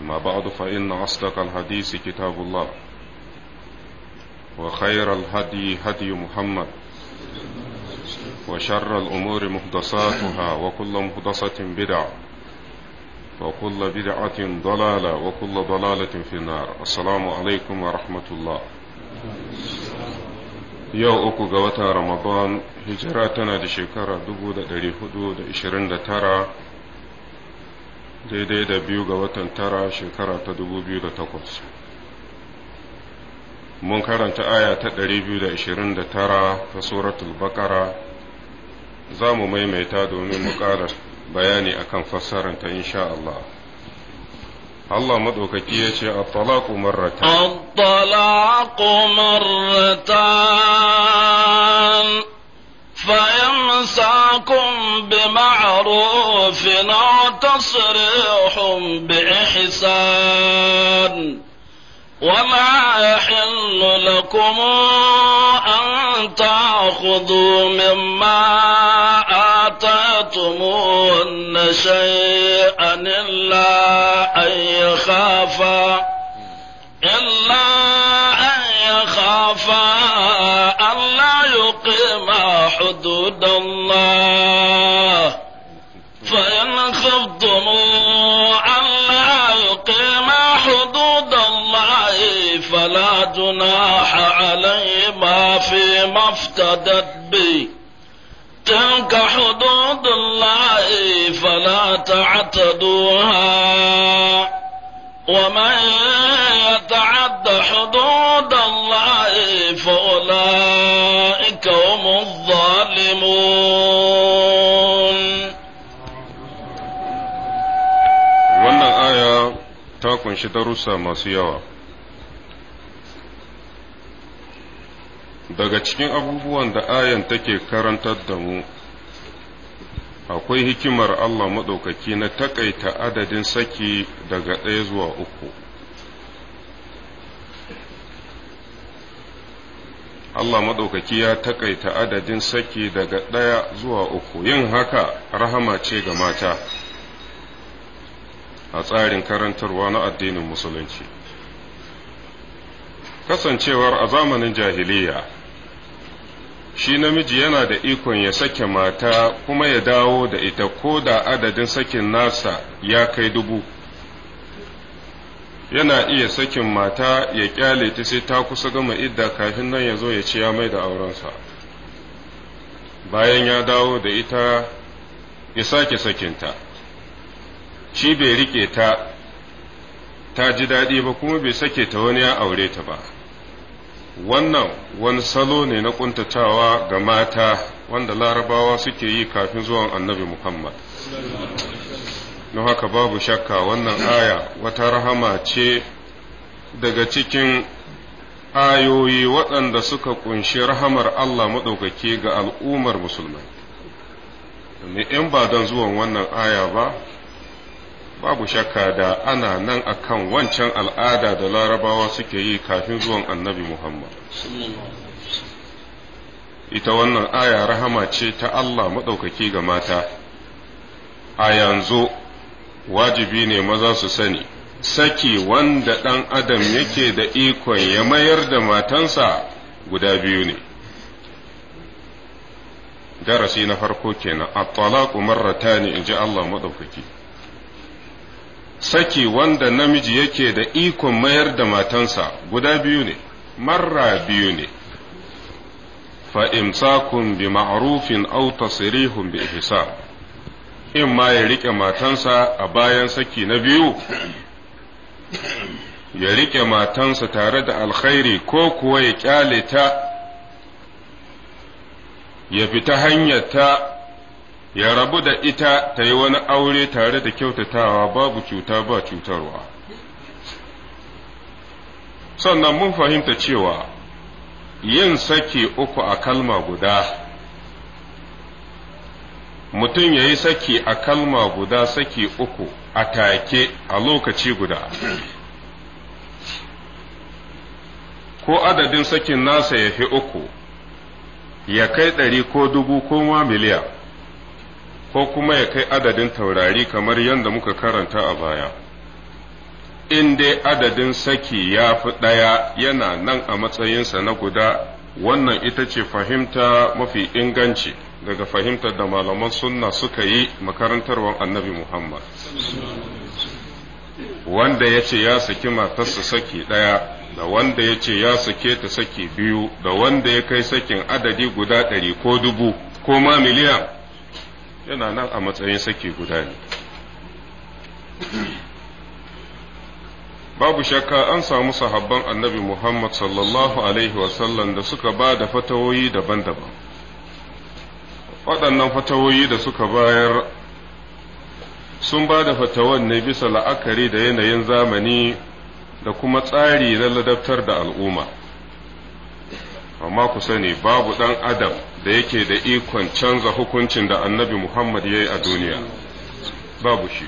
أما بعد فإن أصدق الحديث كتاب الله وخير الهدي هدي محمد وشر الأمور محدثاتها وكل محدثة بدعة وكل بدعة ضلالة وكل ضلالة في النار السلام عليكم ورحمة الله yau uku ga watan ramadan hijira tana da shekara 429 daidai da biyu ga watan tara shekara ta 2008 mun karanta aya ta tara ta suratul bakara za mu maimaita domin mu ƙara bayani akan ta, insha Allah Allah maɗaukaki ya ce, A marratan." Attalaku marratan. فإمساكم بمعروف أو تصريح بإحسان وما يحل لكم أن تأخذوا مما آتيتمون شيئا إلا أن يخافا إلا أن يخافا يقيم حدود الله فإن خفتم ألا يقيم حدود الله فلا جناح عليهما فيما افتدت به تلك حدود الله فلا تعتدوها ومن kunshi darussa masu yawa daga cikin abubuwan da ayan take karantar da mu akwai hikimar Allah maɗaukaki na taƙaita adadin saki daga ɗaya zuwa uku Allah maɗaukaki ya taƙaita adadin saki daga ɗaya zuwa uku yin haka rahama ce ga mata a tsarin karantarwa na addinin musulunci kasancewar a zamanin jahiliya shi namiji yana da ikon ya sake mata kuma ya dawo da ita ko da adadin sakin nasa ya kai dubu yana iya sakin mata ya kyale ta sai ta kusa gama idda kafin nan ya zo ya ce ya mai da aurensa bayan ya dawo da ita ya sake sakinta shi bai rike ta ta ji daɗi ba kuma bai sake ta wani ya aure ta ba wannan wani salo ne na ƙuntatawa ga mata wanda larabawa suke yi kafin zuwan annabi muhammad don haka babu shakka wannan aya wata rahama ce daga cikin ayoyi waɗanda suka ƙunshi rahamar allah maɗaukaki ga al'ummar musulmai in ba don zuwan wannan aya ba babu shakka da ana nan akan wancan al'ada da larabawa suke yi kafin zuwan annabi Muhammad. Ita wannan aya rahama ce ta Allah maɗaukaki ga mata, a yanzu wajibi ne maza su sani, saki wanda ɗan adam yake da ikon ya mayar da matansa guda biyu ne. Darasi na farko kenan, a talaku marrata ne in ji Allah maɗaukaki. saki wanda namiji yake da ikon mayar da matansa guda biyu ne marra biyu ne fa'imsakun bi ma'arufin au tasirihun bi ihsan in ma ya riƙe matansa a bayan saki na biyu ya riƙe matansa tare da alkhairi ko kuwa ya ƙyale ta ya fita hanyar ta ya rabu da ita ta yi wani aure tare da kyautatawa babu cuta ba cutarwa sannan mun fahimta cewa yin sake uku a kalma guda mutum ya yi saki a kalma guda saki uku a take a lokaci guda ko adadin sakin nasa ya fi uku ya kai ɗari ko dubu ko ma miliyan ko kuma ya kai adadin taurari kamar yadda muka karanta a baya in dai adadin saki ya fi ɗaya yana nan a matsayinsa na guda wannan ita ce fahimta mafi inganci daga fahimtar da malaman sunna suka yi makarantarwar annabi muhammad wanda ya ce ya saki matarsa saki ɗaya da wanda ya ce ya sake ta saki biyu da wanda ya kai sakin adadi guda ɗari ko dubu ko ma miliyan yana nan a matsayin saki guda ne babu shakka an samu sahabban annabi Muhammad sallallahu Alaihi wasallam da suka ba da fatawoyi daban-daban waɗannan fatawoyi da suka bayar sun ba da fatawan ne bisa la'akari da yanayin zamani da kuma tsari na ladabtar da al'umma amma ku sani babu ɗan adam da yake da ikon canza hukuncin da annabi Muhammad ya yi a duniya babu shi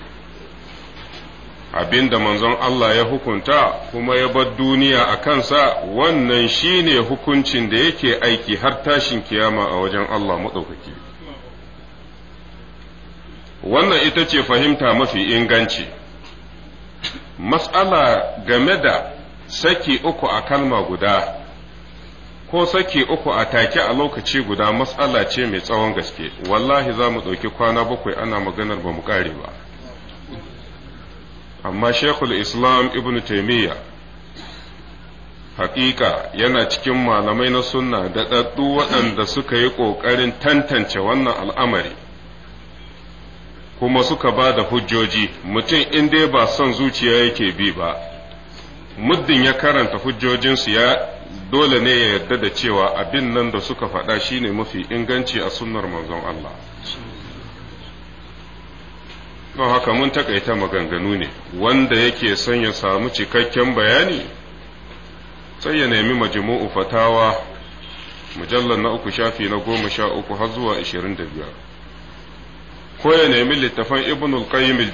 abinda manzon Allah ya hukunta kuma ya bar duniya a kansa wannan shi ne hukuncin da yake aiki har tashin kiyama a wajen Allah maɗaukaki wannan ita ce fahimta mafi inganci matsala game da saki uku a kalma guda ko saki uku a take a lokaci guda matsala ce mai tsawon gaske wallahi za mu ɗauki kwana bakwai ana maganar ba mu ƙare ba amma shekul islam ibn taimiyya haƙiƙa yana cikin malamai na sunna da ɗaɗɗu waɗanda suka yi ƙoƙarin tantance wannan al'amari kuma suka ba da hujjoji mutum in dai ba son zuciya yake bi ba muddin ya karanta hujjojinsu ya dole ne ya yarda da cewa abin nan da suka faɗa shi ne mafi inganci a sunnar manzon Allah don haka mun takaita maganganu ne wanda yake son ya samu cikakken bayani sai ya nemi majimu'u fatawa mujallar na uku shafi na goma sha uku har zuwa ashirin da biyar ko ya nemi littafan Ibn qayyim al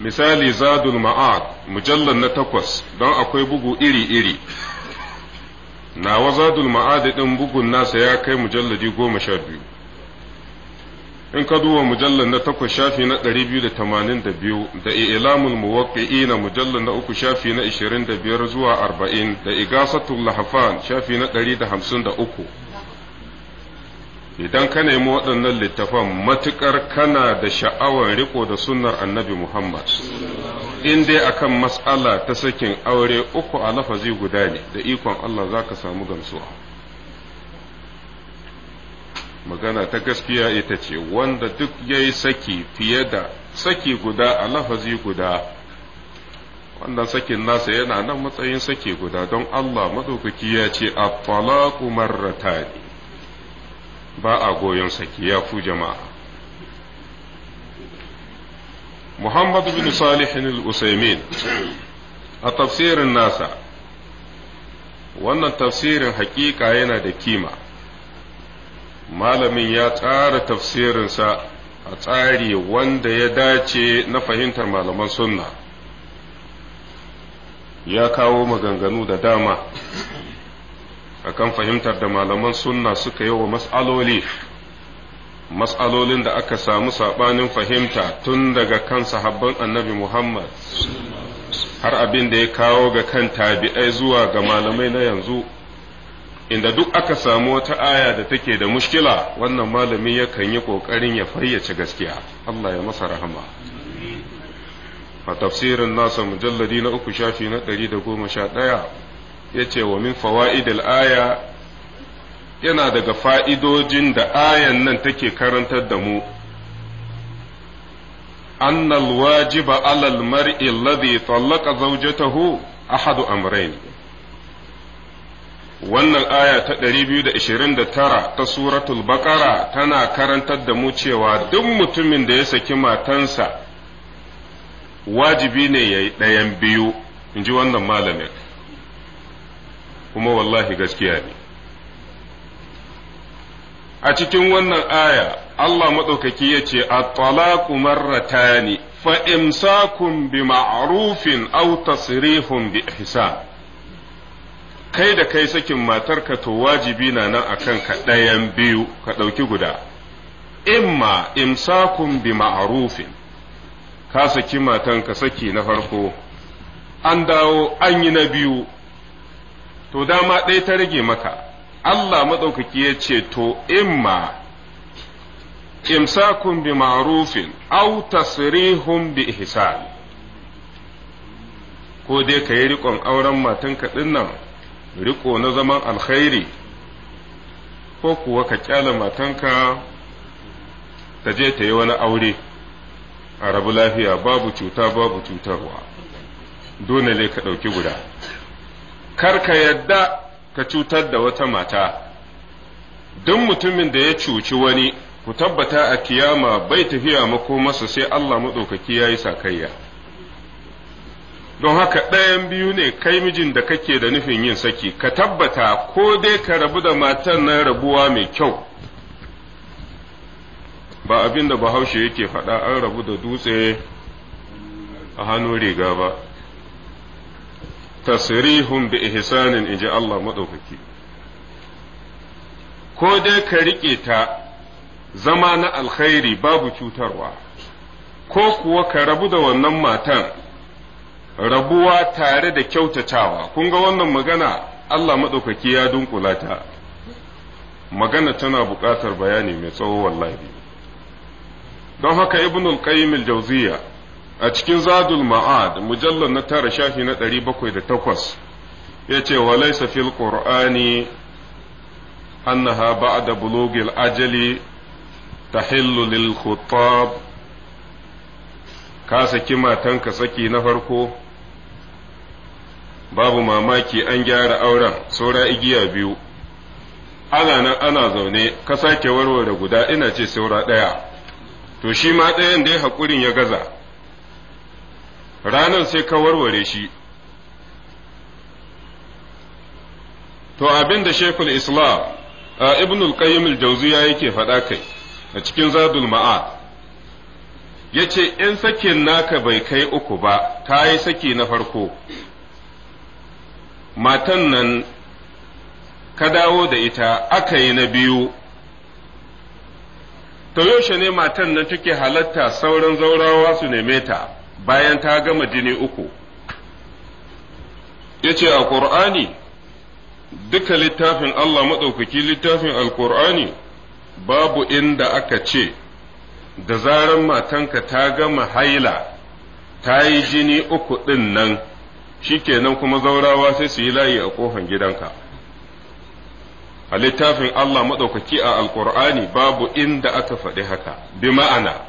misali zadul ma'ad mujallar na takwas don akwai bugu iri-iri nawa zadul ma'ad din bugun nasa ya kai mujalladi goma sha biyu in ka duba mujallar na takwas shafi na ɗari biyu da tamanin da biyu da ilamul muwaƙi'i na mujallar na uku shafi na ishirin da biyar zuwa arba'in da igasatul lahafan shafi na ɗari da hamsin da uku idan ka nemi waɗannan littafan matuƙar kana da sha'awar riko da sunnar annabi Muhammad in dai a kan matsala ta sakin aure uku a lafazi guda ne da ikon Allah za ka samu gamsuwa magana ta gaskiya ita ce wanda duk ya yi saki fiye da saki guda a lafazi guda wannan sakin nasa yana nan matsayin saki guda don Allah maɗaukaki ya ce a talaku marratani ba a goyon saki ya fu jama'a muhammad bin salih al-usaimin a tafsirin nasa wannan tafsirin haƙiƙa yana da kima malamin ya tsara tafsirinsa a tsari wanda ya dace na fahimtar malaman sunna ya kawo maganganu da dama akan fahimtar da malaman sunna suka yi wa mas'aloli mas'alolin da aka samu saɓanin fahimta tun daga kan sahabban annabi Muhammad har abin da ya kawo ga kan tabi'ai zuwa ga malamai na yanzu inda duk aka samu wata aya da take da mushkila wannan malami yakan yi ƙoƙarin ya fayyace gaskiya Allah ya masa rahama a tafsirin nasa mujalladi na uku shafi na ɗari da goma sha ɗaya Ya ce wa min fawaidil aya yana daga fa'idojin da ayan nan take karantar da mu أن الواجب على المرء الذي طلق زوجته أحد amrain wannan aya ta 229 ta suratul baqara tana karantar da mu cewa duk mutumin da ya saki matansa wajibi ne ya yi ɗayan biyu in ji wannan malamin kuma wallahi gaskiya ne a cikin wannan aya Allah maɗaukaki ya ce at-talaqu marratani fa imsakun bi ma'rufin aw tasrihun bi ihsan kai da kai sakin matarka to wajibi na nan akan ka ɗayan biyu ka ɗauki guda imma imsakun bi ma'rufin ka saki matanka saki na farko an dawo an yi na biyu to dama ɗaya ta rage maka Allah maɗaukaki ya ce to imma imsakun bi ma'rufin au tasrihun bi ihsan ko dai ka yi riƙon auren matanka ɗin nan riƙo na zaman alkhairi ko kuwa ka ƙyala matanka ta je ta yi wani aure a rabu lafiya babu cuta babu cutarwa dole ne ka ɗauki guda kar ka yadda ka cutar da wata mata duk mutumin da ya cuci wani ku tabbata a kiyama bai tafiya masa sai Allah maɗaukaki ya yi sakayya don haka ɗayan biyu ne kai mijin da kake da nufin yin saki ka tabbata ko dai ka rabu da matan nan rabuwa mai kyau ba abinda da bahaushe yake faɗa an rabu da dutse a hannun riga ba tasrihun bi ihsanin inji Allah maɗaukaki. ko dai ka riƙe ta zama na alkhairi babu cutarwa ko kuwa ka rabu da wannan matan rabuwa tare da kyautatawa kun ga wannan magana Allah maɗaukaki ya dunkula ta magana tana buƙatar bayani mai tsawo wallahi don haka ibnul qayyim al-jawziya a cikin zadul ma'ad mujallar na tara shafi na ɗari bakwai da takwas ya ce wa laisa fil qur'ani annaha ba'da bulugil ajali tahillu lil khutab ka saki matanka saki na farko babu mamaki an gyara auren saura igiya biyu ana nan ana zaune ka sake warware guda ina ce saura ɗaya to shi ma ɗayan dai haƙurin ya gaza Ranan sai ka warware shi to abin da shekul islam ibn al-qayyim al-jawziya yake faɗa kai a cikin zadul ma'ad yace in sakin naka bai kai uku ba ta yi saki na farko matan nan ka dawo da ita aka yi na biyu to yaushe ne matan nan take halatta sauran zaurawa su neme ta bayan ta gama jini uku ya ce a ƙur'ani duka littafin Allah maɗaukaki littafin alƙur'ani babu inda aka ce da zaran matanka ta gama haila ta yi jini uku ɗin nan shikenan kuma zaurawa sai su yi layi a ƙofan gidanka a littafin Allah maɗaukaki a alƙur'ani babu inda aka faɗi haka bi ma'ana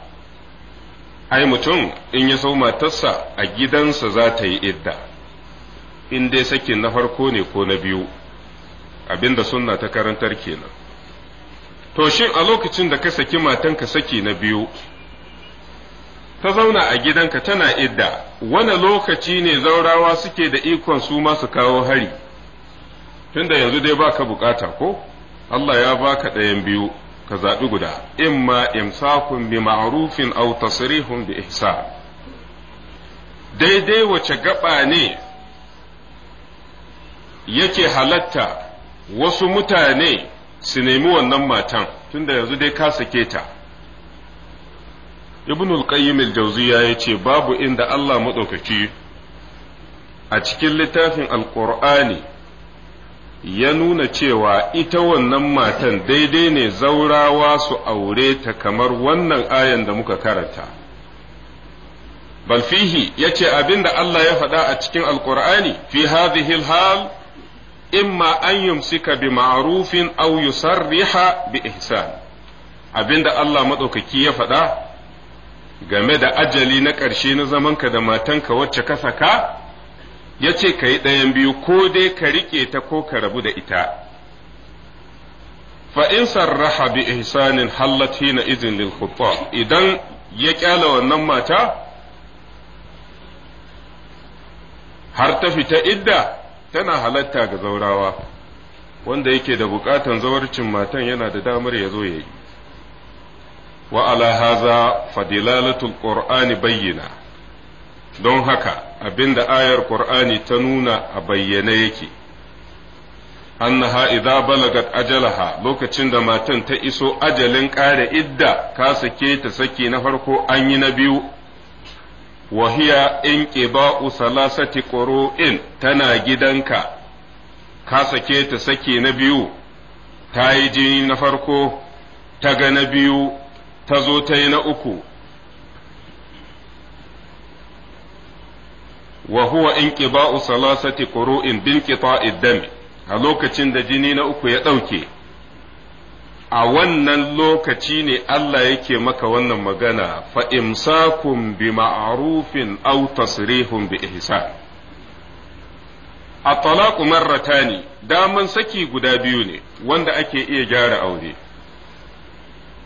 ai mutum in ya sau matarsa a gidansa za ta yi idda in dai sakin na farko ne ko na biyu abinda sunna ta karantar kenan to shin a lokacin da ka saki matanka saki na biyu ta zauna a gidanka tana idda wani lokaci ne zaurawa suke da ikon su ma kawo hari tunda yanzu dai baka bukata ko Allah ya baka ɗayan biyu ka zaɓi guda imma imsakun bi ma'rufin aw tasrihun bi ihsa. daidai wace gaɓa ne yake halatta wasu mutane su nemi wannan matan tunda yanzu dai ka sake ta ibn al-qayyim al-jawziya yace babu inda Allah madaukaki a cikin littafin al-qur'ani ya nuna cewa ita wannan matan daidai ne zaurawa su aure ta kamar wannan ayan da muka karanta balfihi ya ce abin Allah ya faɗa a cikin alkur'ani fi hadhihi hal imma an yumsika bi ma'rufin aw yusarriha bi ihsan Abinda Allah maɗaukaki ya faɗa game da ajali na ƙarshe na zamanka da matanka wacce ka saka ya ce ka yi ɗayan biyu ko dai ka riƙe ta ko ka rabu da ita fa'in sarraha bi ihsanin hallati na izin lil idan ya ƙyala wannan mata har ta fita idda tana halatta ga zaurawa wanda yake da buƙatan zawarcin matan yana da damar ya zo ya yi wa ala haza fadilalatul qur'ani bayyana don haka abin da ayar ƙur'ani ta nuna a bayyane yake annaha idza balagat ajalaha lokacin da matan ta iso ajalin ƙare idda ka sake ta saki na farko an yi na biyu wa hiya in qiba'u salasati qurun tana gidanka ka sake ta saki na biyu ta yi jini na farko ta ga na biyu ta zo ta yi na uku wa huwa inqiba'u salasati quru'in binqita'id dami a lokacin da jini na uku ya ɗauke a wannan lokaci ne Allah yake maka wannan magana fa imsakum bi ma'rufin aw tasrihun bi ihsan at-talaqu marratani daman saki guda biyu ne wanda ake iya gyara aure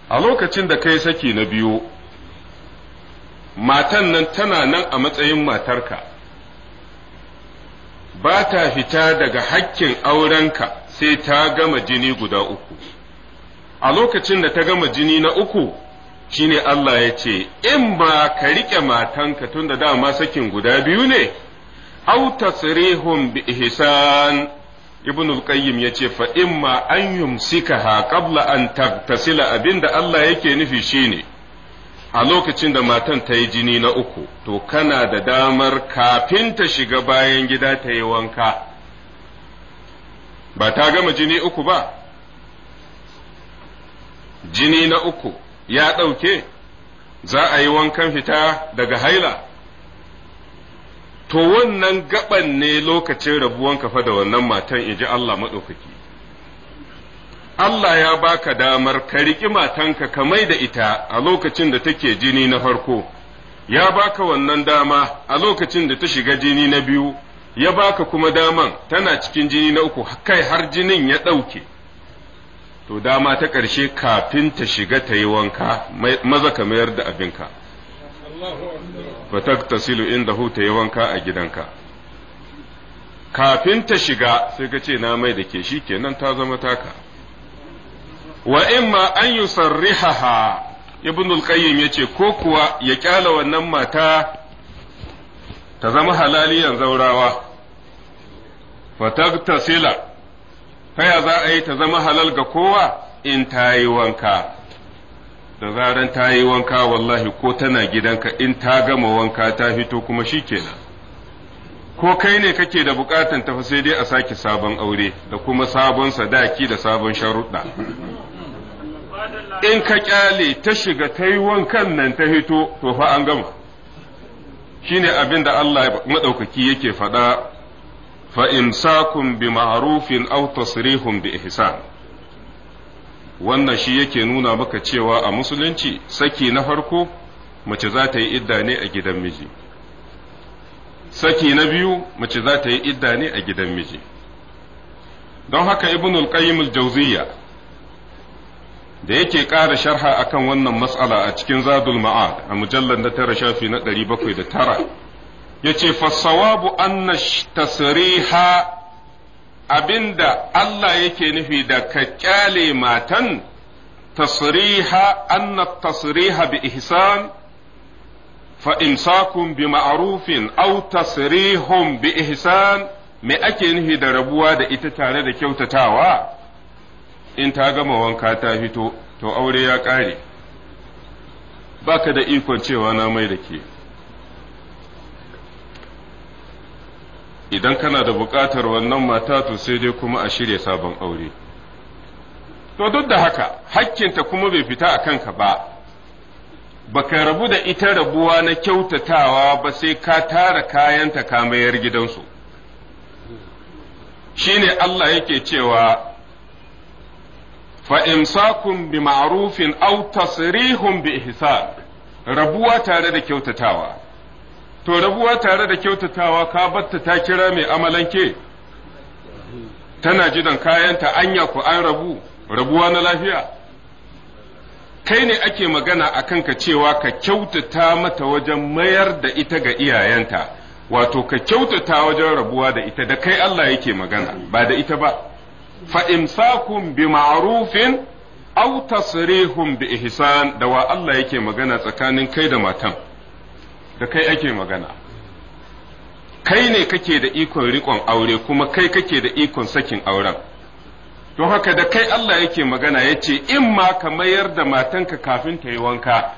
a lokacin da kai saki na biyu matan nan tana nan a matsayin matarka ba ta fita daga hakkin aurenka sai ta gama jini guda uku a lokacin da ta gama jini na uku shine Allah ya ce in ba ka riƙe matanka tun da dama sakin guda biyu ne au tasrihum bi ihsan ibn al-qayyim ce fa ma an yumsikaha qabla an abin abinda Allah yake nufi shine a lokacin da matan ta yi jini na uku to kana da damar kafin ta shiga bayan gida ta yi wanka ba ta gama jini uku ba jini na uku ya ɗauke za a yi wankan fita daga haila to wannan gaban ne lokacin rabuwan kafa da wannan matan in ji Allah maɗaukaki Allah ya baka damar ka riƙi matanka ka mai da ita a lokacin da take jini na farko, ya baka wannan dama a lokacin da ta shiga jini na biyu, ya baka kuma daman tana cikin jini na uku kai har jinin ya ɗauke. To dama ta ƙarshe kafin ta shiga ta yi wanka maza ka mayar da abinka. Fatak tasilu inda hu ta yi wanka a gidanka. Kafin ta shiga sai ka ce na mai da ke shi kenan ta zama taka. wa imma an yusarrihaha ibn qayyim yace ko kuwa ya kyala wannan mata ta zama halaliyan zaurawa fatagtasila ta ya za a yi ta zama halal ga kowa in ta yi wanka da zaran ta yi wanka wallahi ko tana gidanka in ta gama wanka ta fito kuma shikenan ko kai ne kake da bukatan tafi sai dai a sake sabon aure da kuma sabon sadaki da sabon sharuɗa in ka kyale ta shiga ta yi wankan nan ta hito to fa an gama shine abin da Allah maɗaukaki yake faɗa fa sakun bi ma'arufin aw tasrihun bi ihsan wannan shi yake nuna maka cewa a musulunci saki na farko mace za ta yi idda ne a gidan miji saki na biyu mace za ta yi idda ne a gidan miji don haka ibnul qayyim al-jawziyya da yake ƙara sharha a kan wannan matsala a cikin zadul ma'ad a mujallar da tara shafi na ɗari bakwai da tara ya ce fasawabu anna tasriha abinda Allah yake nufi da ka kyale matan tasriha anna tasriha bi ihsan fa imsakun bi ma'rufin aw tasrihum bi ihsan me ake nufi da rabuwa da ita tare da kyautatawa in ta gama wanka ta fito to aure ya ƙare baka da ikon cewa na mai da ke idan kana da buƙatar wannan mata to sai dai kuma a shirya sabon aure to duk da haka hakkinta kuma bai fita a kanka ba baka rabu da ita rabuwa na kyautatawa ba sai ka tara kayanta ka mayar gidansu Shi ne Allah yake cewa fa imsakun bi ma'rufin aw tasrihun bi ihsan rabuwa tare da kyautatawa to rabuwa tare da kyautatawa ka batta ta kira mai amalanke tana jidan kayanta anya ku an rabu rabuwa na lafiya kai ne ake magana a kanka cewa ka kyautata mata wajen mayar da ita ga iyayenta wato ka kyautata wajen rabuwa da ita da kai Allah yake magana ba da ita ba fa imsakun bi ma'rufin aw tasrihun bi ihsan da wa Allah yake magana tsakanin kai da matan da kai ake magana kai ne kake da ikon rikon aure kuma kai kake da ikon sakin auren don haka da kai Allah yake magana ya ce in ma ka mayar da matanka kafin ta yi wanka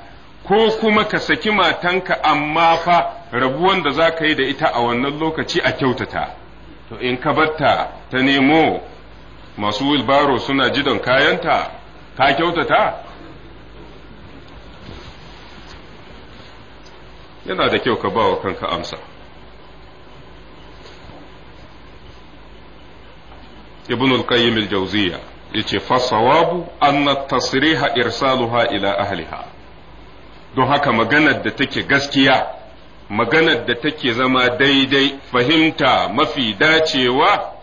ko kuma ka saki matanka amma fa rabuwan da za ka yi da ita a wannan lokaci a kyautata to in ka batta ta nemo masu wilbaro suna jidon kayanta ka kyautata yana da kyau ka ba wa kanka amsa ibn al-qayyim al-jawziya yace fa sawabu anna tasriha irsaluha ila ahliha don haka maganar da take gaskiya maganar da take zama daidai fahimta mafi dacewa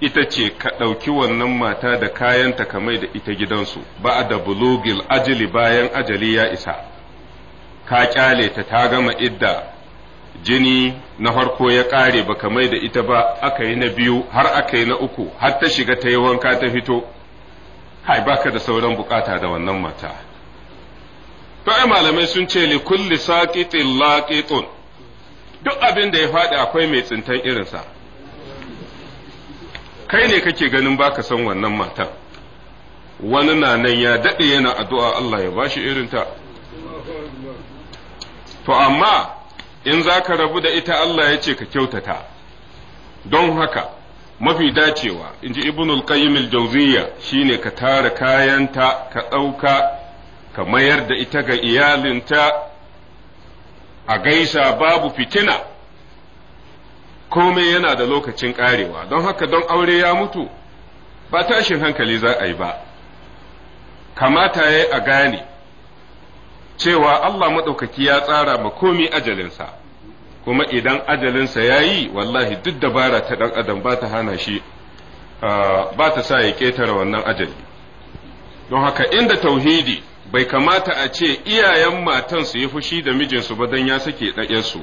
ita ce ka ɗauki wannan mata da kayanta kamai da ita gidansu ba da bulugil ajali bayan ajali ya isa ka kyale ta ta gama idda jini na farko ya ƙare ba kamai da ita ba aka yi na biyu har aka yi na uku har ta shiga ta yi wanka ta fito hai baka da sauran bukata da wannan mata to ai malamai sun ce li kulli saqitin laqitun duk abin da ya faɗi akwai mai tsintan irinsa kai ne kake ganin baka san wannan matan wani na nan ya daɗe yana addu'a Allah ya bashi irinta to amma in za ka rabu da ita Allah ya ce ka kyautata don haka mafi dacewa in ji ibnul qayyim al shi shine ka tara kayanta ka ɗauka ka mayar da ita ga iyalinta a gaisa babu fitina komai yana da lokacin karewa don haka don aure ya mutu ba tashin hankali za a yi ba kamata ya a gane cewa Allah maɗaukaki ya tsara ma ajalinsa kuma idan ajalinsa ya yi wallahi duk dabara ta ɗan adam ba ta hana shi ba ta sa ya ƙetare wannan ajali don haka inda tauhidi bai kamata a ce iyayen matan su yi fushi da mijinsu ba don ya sake ɗayansu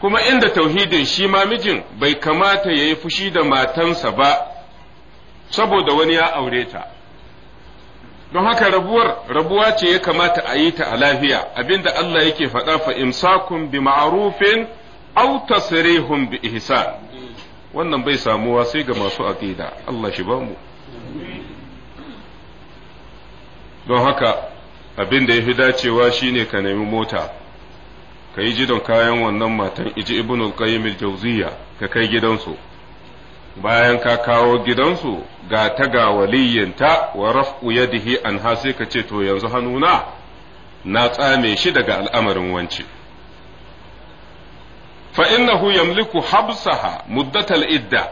kuma inda tauhidin shi ma mijin bai kamata ya yi fushi da matansa ba saboda wani ya aure ta don haka rabuwar rabuwa ce ya kamata a yi ta a lafiya abinda Allah yake faɗa fa imsakun bi ma'rufin aw tasrihun bi ihsan wannan bai samuwa sai ga masu aqida Allah shi bamu don haka abinda ya fi dacewa shine ka nemi mota ka yi jidon kayan wannan matan iji ibn al jauziya al ka kai gidansu bayan ka kawo gidansu ga ta ga waliyinta wa raf'u yadihi anha sai ka ce to yanzu hannuna na tsame shi daga al'amarin wance fa innahu yamliku habsaha muddatal idda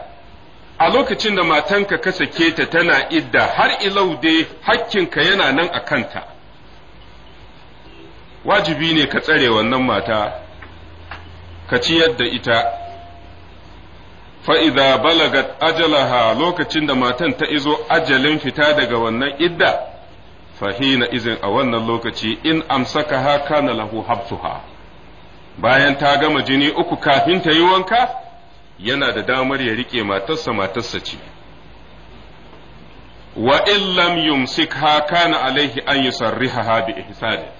a lokacin da matanka ka sake ta tana idda har ilau dai hakkinka yana nan a kanta wajibi ne ka tsare wannan mata ka ciyar da ita fa'iza balagat ajalaha lokacin da matan ta izo ajalin fita daga wannan idda fahina izin a wannan lokaci in amsaka ha kana lahu habsuha bayan ta gama jini uku kafin ta yi wanka yana da damar ya rike matarsa matarsa ce wa in lam yumsikha kana alaihi an yusarrihaha bi ihsani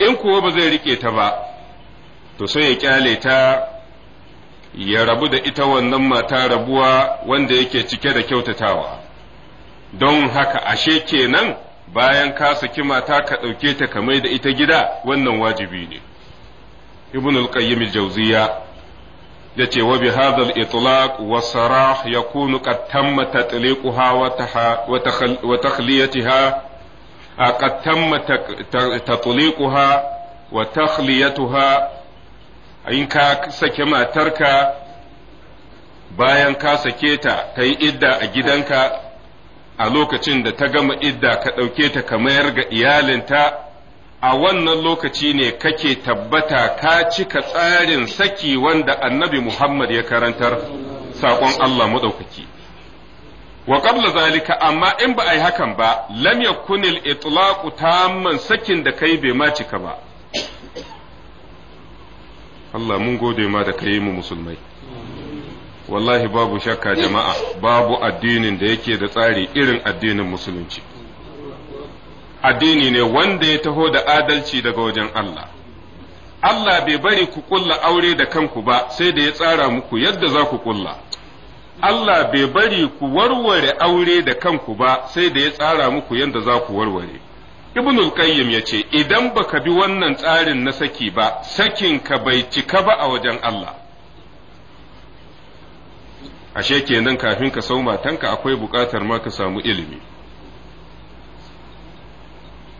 in kuwa ba zai rike ta ba to sai ya kyale ta ya rabu da ita wannan mata rabuwa wanda yake cike da kyautatawa don haka ashe kenan bayan ka saki mata ka ɗauke ta ka da ita gida wannan wajibi ne ibn al-qayyim al-jawziya yace wa bi hadha al-itlaq wa sarah yakunu qad tamma tatliquha wa a تم تطليقها wa takhliyatuha in ka sake matarka bayan ka sake ta ta yi idda a gidanka a lokacin da ta gama idda ka ɗauke ta ka mayar ga iyalinta a wannan lokaci ne kake tabbata ka cika tsarin saki wanda annabi Muhammad ya karantar saƙon Allah maɗaukaki. wa qabla zalika amma in ba a yi hakan ba lam Kunil al itlaq tamman sakin da kai bai ma cika ba Allah mun gode ma da kai mu musulmai wallahi babu shakka jama'a babu addinin da yake da tsari irin addinin musulunci addini ne wanda ya taho da adalci daga wajen Allah Allah bai bari ku kulla aure da kanku ba sai da ya tsara muku yadda za ku kulla Allah bai bari ku warware aure da kanku ba sai da ya tsara muku yadda za ku warware. Ibnul Qayyim ya ce, Idan baka bi wannan tsarin na saki ba, Sakin ka bai cika ba a wajen Allah. Ashe kenan kafin ka sau matanka akwai buƙatar ma ka samu ilimi.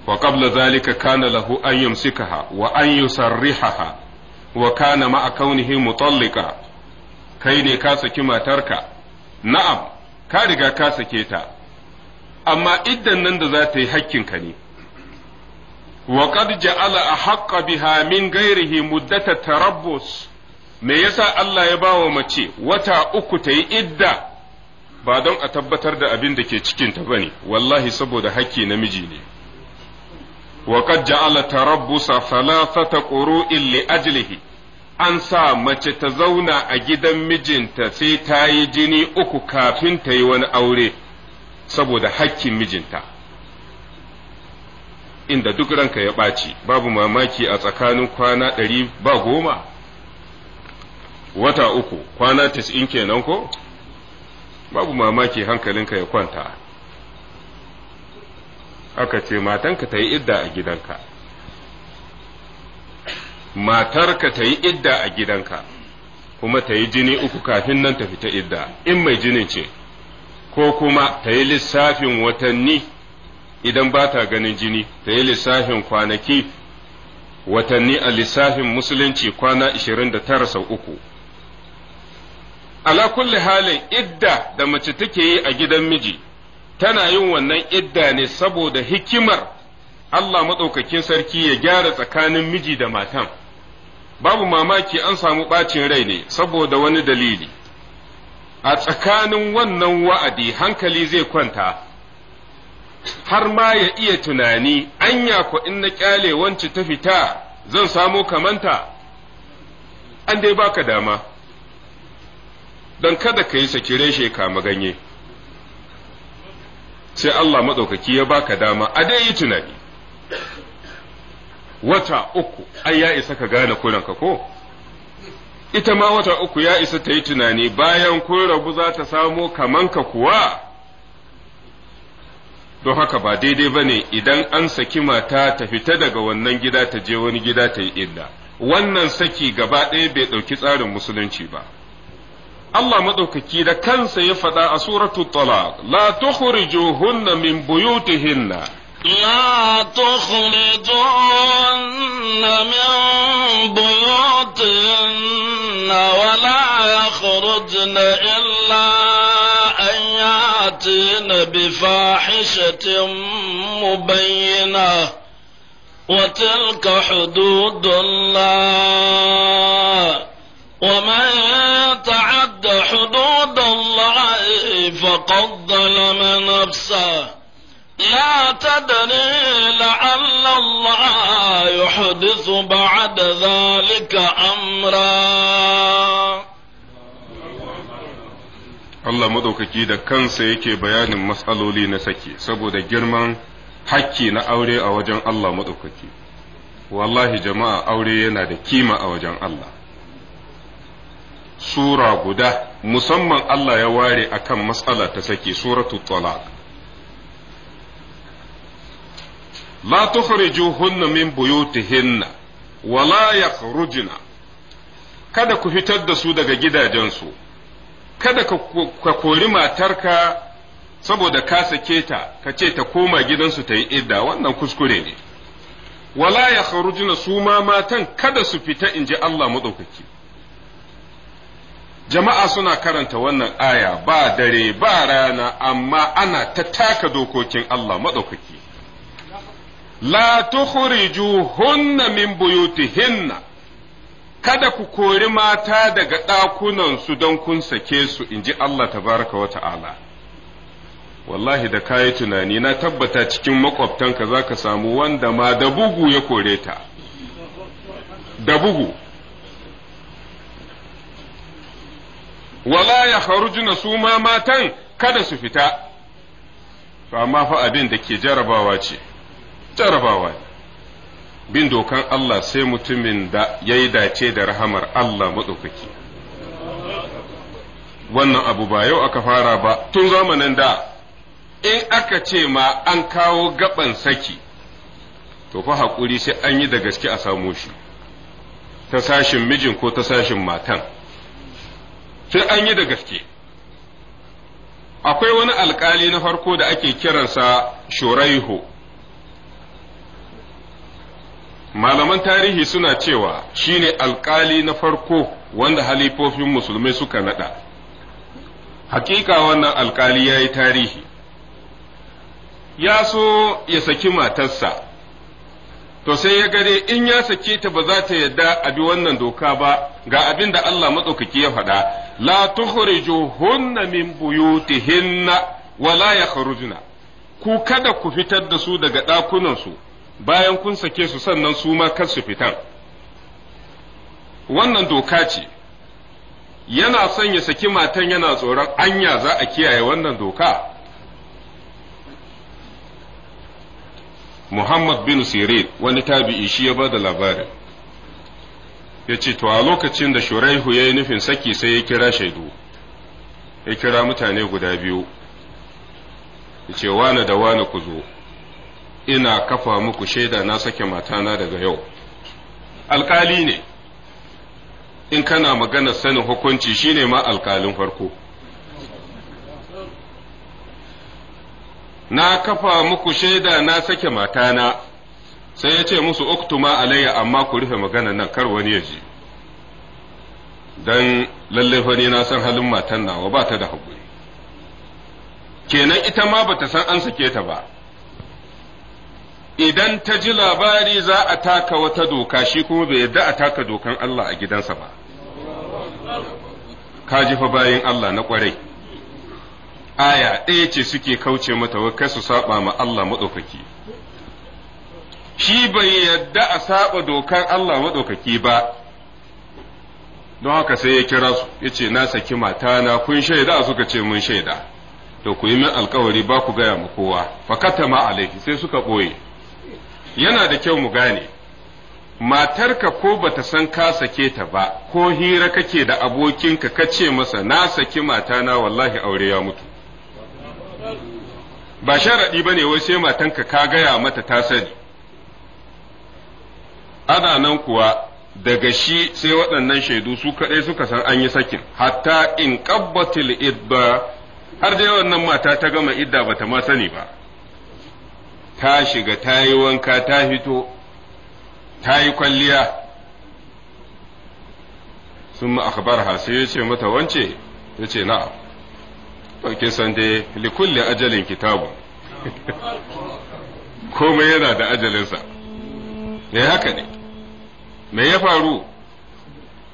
Wa qabla zalika kana lahu an yumsikaha wa an yusarrihaha wa kana ma'a kaunihi mutallika kai ne ka saki matarka na'am ka riga ka sake ta amma idan nan da za ta yi hakkinka ne wa ƙad ja'ala haƙƙa biha min gairihi muddata tarabbus me yasa Allah ya ba wa mace wata uku ta yi idda ba don a tabbatar da abin da ke cikinta ba ne wallahi saboda hakki namiji ne wa ja'ala tarabbusa thalathata quru li ajlihi an sa mace ta zauna a gidan mijinta sai ta yi jini uku kafin ta yi wani aure saboda hakkin mijinta inda duk ranka ya ɓaci babu mamaki a tsakanin kwana ɗari ba goma wata uku kwana tas'in kenan ko babu mamaki hankalinka ya kwanta aka ce matanka ta yi idda a gidanka matarka ta yi idda a gidanka kuma ta yi jini uku kafin nan ta fita idda in mai jinin ce ko kuma ta yi lissafin watanni idan ba ta ganin jini ta yi lissafin kwanaki watanni a lissafin musulunci kwana 29 sau uku ala kulli halin idda da mace take yi a gidan miji tana yin wannan idda ne saboda hikimar Allah maɗaukakin sarki ya gyara tsakanin miji da matan babu mamaki an samu ɓacin rai ne saboda wani dalili a tsakanin wannan wa'adi hankali zai kwanta har ma ya iya tunani anya ko in na kyale wance ta fita zan samo kamanta an dai baka dama don kada ka yi sakire shi kama ganye sai Allah maɗaukaki ya baka dama a dai yi tunani wata uku ai ya isa ka gane kuranka ko ita ma wata uku ya isa ta yi tunani bayan kun rabu za ta samo kamanka kuwa don haka ba daidai ba ne idan an saki mata ta fita daga wannan gida ta je wani gida ta yi illa wannan saki gaba ɗaya bai ɗauki tsarin musulunci ba Allah maɗaukaki da kansa ya faɗa a suratul talaq la tukhrijuhunna min buyutihinna لا تخرجن من بيوتهن ولا يخرجن إلا أن يأتين بفاحشة مبينة وتلك حدود الله ومن يتعد حدود الله فقد ظلم نفسه لا تدري لعل الله يحدث بعد ذلك أمرا Allah maɗaukaki da kansa yake bayanin matsaloli na sake saboda girman hakki na aure a wajen Allah maɗaukaki. Wallahi jama'a aure yana da kima a wajen Allah. Sura guda musamman Allah ya ware akan matsala ta sake suratu talaq la tukhrijuhunna min buyutihinna wa la yakhrujna kada ku fitar da su daga gidajensu kada ka kori matarka saboda ka sake ta ka ce ta koma gidansu ta yi idda wannan kuskure ne wala ya kharujna su ma matan kada su fita in ji Allah maɗaukaki jama'a suna karanta wannan aya ba dare ba rana amma ana ta taka dokokin Allah maɗaukaki la tukhrijuhunna min buyutihinna kada ku kori mata daga ɗakunansu don kun sake su inji ji Allah tabaraka wa ta'ala wallahi da kayi tunani na tabbata cikin makwabtanka za ka samu wanda ma da bugu ya kore ta da bugu wala ya harujuna su ma matan kada su fita amma fa abin da ke jarabawa ce jarabawa bin dokan Allah sai mutumin da ya yi dace da rahamar Allah matsaukaki. wannan abu ba yau aka fara ba tun zamanin da in aka ce ma an kawo gaban saki to fa haƙuri sai an yi da gaske a samo shi ta sashin mijin ko ta sashin matan sai an yi da gaske akwai wani alƙali na farko da ake kiransa shuraihu malaman tarihi suna cewa shine alƙali na farko wanda halifofin musulmai suka nada hakika wannan alƙali ya yi tarihi ya so ya saki matarsa to sai ya gare in ya sake ta ba za ta yadda a bi wannan doka ba ga abin da Allah matsaukaki ya faɗa la hunna min buyutihinna wala yakhrujna ku kada ku fitar da su daga ɗakunansu bayan kun sake su sannan su ma kar su fitan wannan doka ce yana son ya saki matan yana tsoron anya za a kiyaye wannan doka Muhammad bin Sirin wani tabi'i shi ya bada labarin ya ce to a lokacin da shuraihu ya yi nufin saki sai ya kira shaidu ya kira mutane guda biyu ya ce wane da wane ku zo ina kafa muku shaida na sake matana daga yau alkali ne in kana magana sanin hukunci shine ma alkalin farko na kafa muku shaida na sake matana sai ya ce musu uktuma alayya amma ku rufe magana nan kar wani ya ji don lalle fari na san halin matan nawa ba ta da haƙuri kenan ita ma bata san an sake ta ba idan ta ji labari za a taka wata doka shi kuma bai yarda a taka dokan Allah a gidansa ba ka ji fa bayin Allah na kwarai aya ɗaya ce suke kauce mata kai su saba ma Allah maɗaukaki shi bai yarda a saba dokan Allah maɗaukaki ba don haka sai ya kira su yace na saki matana kun shaida suka ce mun shaida to ku yi min alkawari ba ku gaya mu kowa fakata ma sai suka ɓoye yana da kyau mu gane matarka ko bata san ka sake ta ba ko hira kake da abokinka ka ce masa na saki mata na wallahi aure ya mutu ba sharaɗi ba ne wai sai matanka ka gaya mata ta sani ana nan kuwa daga shi sai waɗannan shaidu su kaɗai suka san an yi sakin hatta in ƙabbatil idda har dai wannan mata ta gama idda bata ma sani ba ta shiga ta yi wanka ta fito ta yi kwalliya sun akhbarha sai ya ce mata wance ya ce na ɗauke san dai likulli ajalin kitabu komai yana da ajalinsa me haka ne me ya faru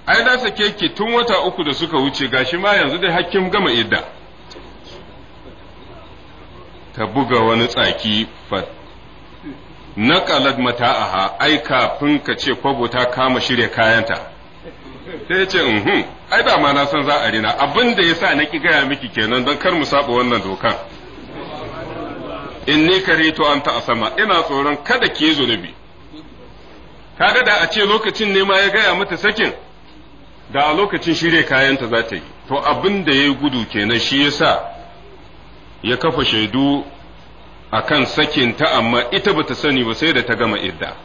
ai na sake ki tun wata uku da suka wuce gashi ma yanzu dai hakkin gama idda ta buga wani tsaki naqalat mata'aha ai kafin ka ce kwabo ta kama shirya kayanta sai ya ce mhm ai ba ma na san za a rina abin da yasa na ki gaya miki kenan don kar mu saba wannan dokan In inni kareto an ta asama ina tsoron kada ki zunubi kaga da a ce lokacin ne ma ya gaya mata sakin da a lokacin shirya kayanta za ta yi to abin da ya gudu kenan shi yasa ya kafa shaidu akan ta amma ita bata sani ba sai da ta gama idda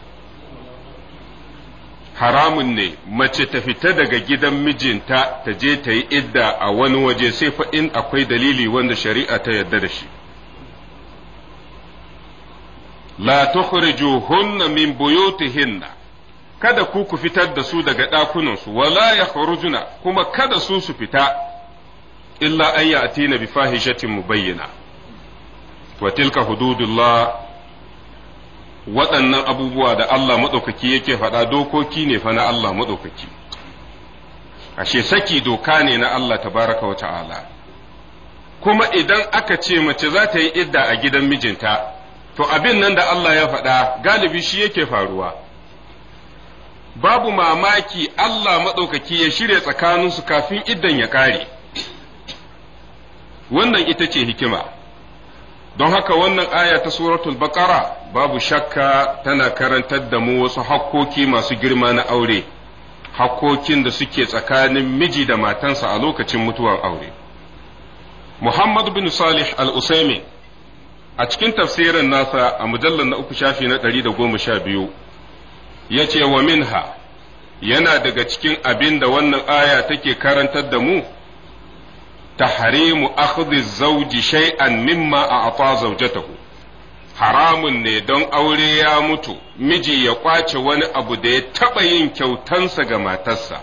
haramun ne mace ta fita daga gidan mijinta ta je ta yi idda a wani waje sai fa in akwai dalili wanda shari'a ta yarda da shi la tukhrijuhunna min buyutihinna kada ku ku fitar da su daga ɗakunansu wala yakhrujuna kuma kada su su fita illa an na bi fahishatin mubayyana wa tilka hududullah waɗannan abubuwa da Allah maɗaukaki yake faɗa dokoki ne fa na Allah maɗaukaki ashe saki doka ne na Allah tabaraka wa ta'ala kuma idan aka ce mace za ta yi idda a gidan mijinta to abin nan da Allah ya faɗa galibi shi yake faruwa babu mamaki Allah maɗaukaki ya shirya tsakaninsu kafin iddan ya ƙare wannan ita ce hikima don haka wannan aya ta suratul baqara babu shakka tana karantar da mu wasu hakkoki masu girma na aure hakkokin da suke tsakanin miji da matansa a lokacin mutuwar aure muhammad bin salih al-usaimi a cikin tafsirin nasa a mujallar na uku shafi na ɗari da goma sha biyu ya ce wa minha yana daga cikin abin da wannan aya take karantar da mu tahrimu akhdhi zawji shay'an mimma a'ta zawjatahu haramun ne don aure ya mutu miji ya kwace wani abu da ya taɓa yin kyautansa ga matarsa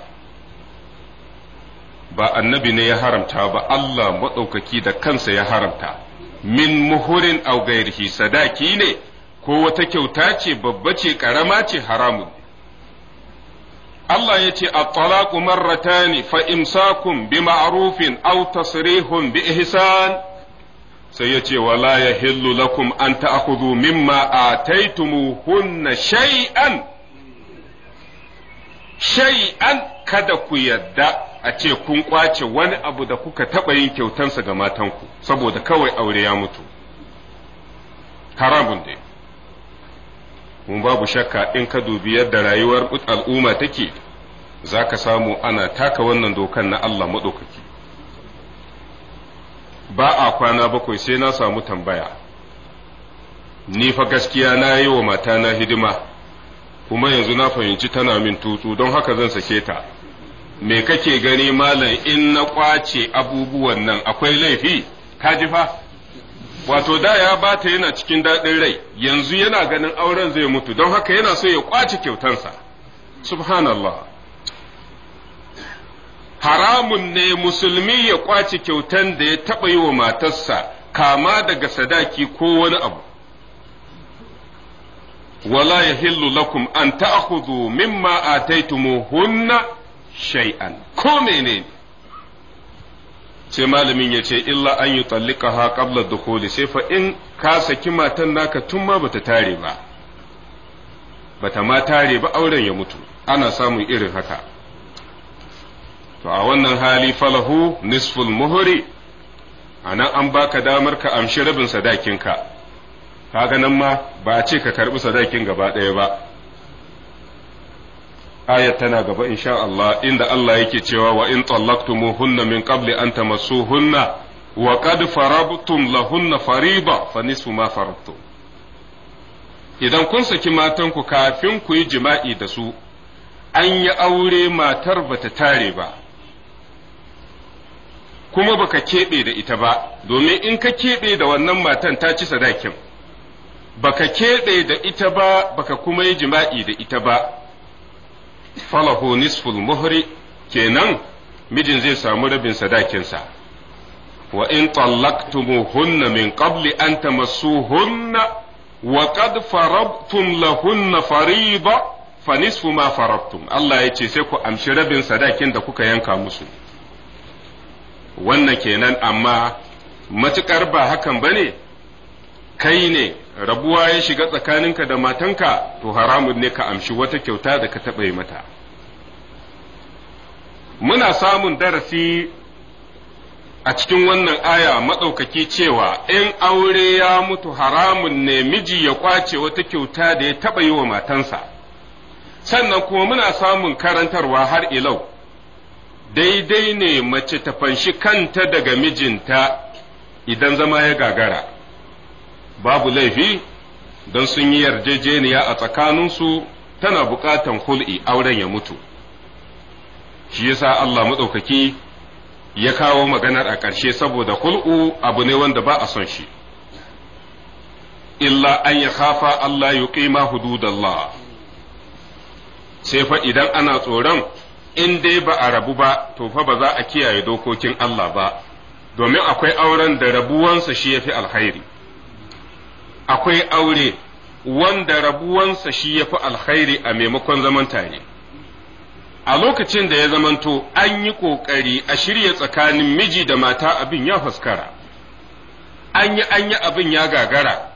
ba annabi ne ya haramta ba Allah maɗaukaki da kansa ya haramta min muhurin au gairihi sadaki ne ko wata kyauta ce babba ce karama ce haramun Allah ya ce at marrata marratan fa imsakun bi ma'rufin au tasrihun bi ihsan sai ya ce ya hillu lakum an ta'khudhu mimma ataytumuhunna shai'an. Shai'an kada ku yadda a ce kun kwace wani abu da kuka taɓa yin kyautansa ga matanku saboda kawai aure ya mutu haramun dai Mu babu shakka in ka dubi yadda rayuwar al'umma take za ka samu ana taka wannan dokan na Allah maɗaukaki ba a kwana bakwai sai na samu tambaya ni fa gaskiya na yi wa matana hidima kuma yanzu na fahimci tana min tutu, don haka zan sake ta me kake gani malam in na kwace abubuwan nan akwai laifi ka ji fa wato da ya bata yana cikin daɗin rai yanzu yana ganin auren zai mutu don haka yana so ya kwace kyautansa subhanallah haramun ne musulmi ya kwace kyautan da ya taɓa yi wa matarsa kama daga sadaki ko wani abu wala ya hillu lakum an ta'khudhu mimma ataitumuhunna shay'an ko menene sai malamin ya ce illa an yi tsallika ha qabla koli sai fa in ka saki matan naka tun ma bata tare ba bata ma tare ba auren ya mutu ana samun irin haka to a wannan hali falahu nisful muhuri nan an baka damar ka amshi rabin sadakinka ka ganin ma ba a ce ka karɓi sadakin gaba ɗaya ba ayat tana gaba insha Allah inda Allah yake cewa wa in tallaqtumuhunna min qabli an tamassuhunna wa qad farabtum lahunna fariba fa nisfu ma idan kun saki matan ku kafin ku yi jima'i da su an yi aure matar bata tare ba kuma baka keɓe da ita ba domin in ka keɓe da wannan matan ta ci sadakin baka keɓe da ita ba baka kuma yi jima'i da ita ba falahu nisful muhri kenan mijin zai samu rabin sadakinsa wa in hunna min qabli an tamassuhunna wa qad farabtum lahunna fariba fa nisfu ma farabtum Allah ya ce sai ku amshi rabin sadakin da kuka yanka musu wannan kenan amma matukar ba hakan bane kai ne rabuwa ya shiga tsakaninka da matanka to haramun ne ka amshi wata kyauta da ka taɓa yi mata muna samun darasi a cikin wannan aya maɗaukaki cewa in aure ya mutu haramun ne miji ya kwace wata kyauta da ya taɓa yi wa matansa sannan kuma muna samun karantarwa har ilau daidai ne mace ta fanshi kanta daga mijinta idan zama ya gagara babu laifi don sun yi yarjejeniya a tsakaninsu tana buƙatan hul'i auren ya mutu shi yasa Allah maɗaukaki ya kawo maganar a ƙarshe saboda hul'u abu ne wanda ba a son shi illa an ya kafa Allah ya ƙima hududallah sai fa idan ana tsoron in dai ba a rabu ba to fa ba za a kiyaye dokokin Allah ba domin akwai auren da rabuwansa shi ya fi alkhairi akwai aure wanda rabuwansa shi ya fi alkhairi a maimakon zaman tare a lokacin da ya zamanto an yi ƙoƙari a shirya tsakanin miji da mata abin ya faskara an yi an yi abin ya gagara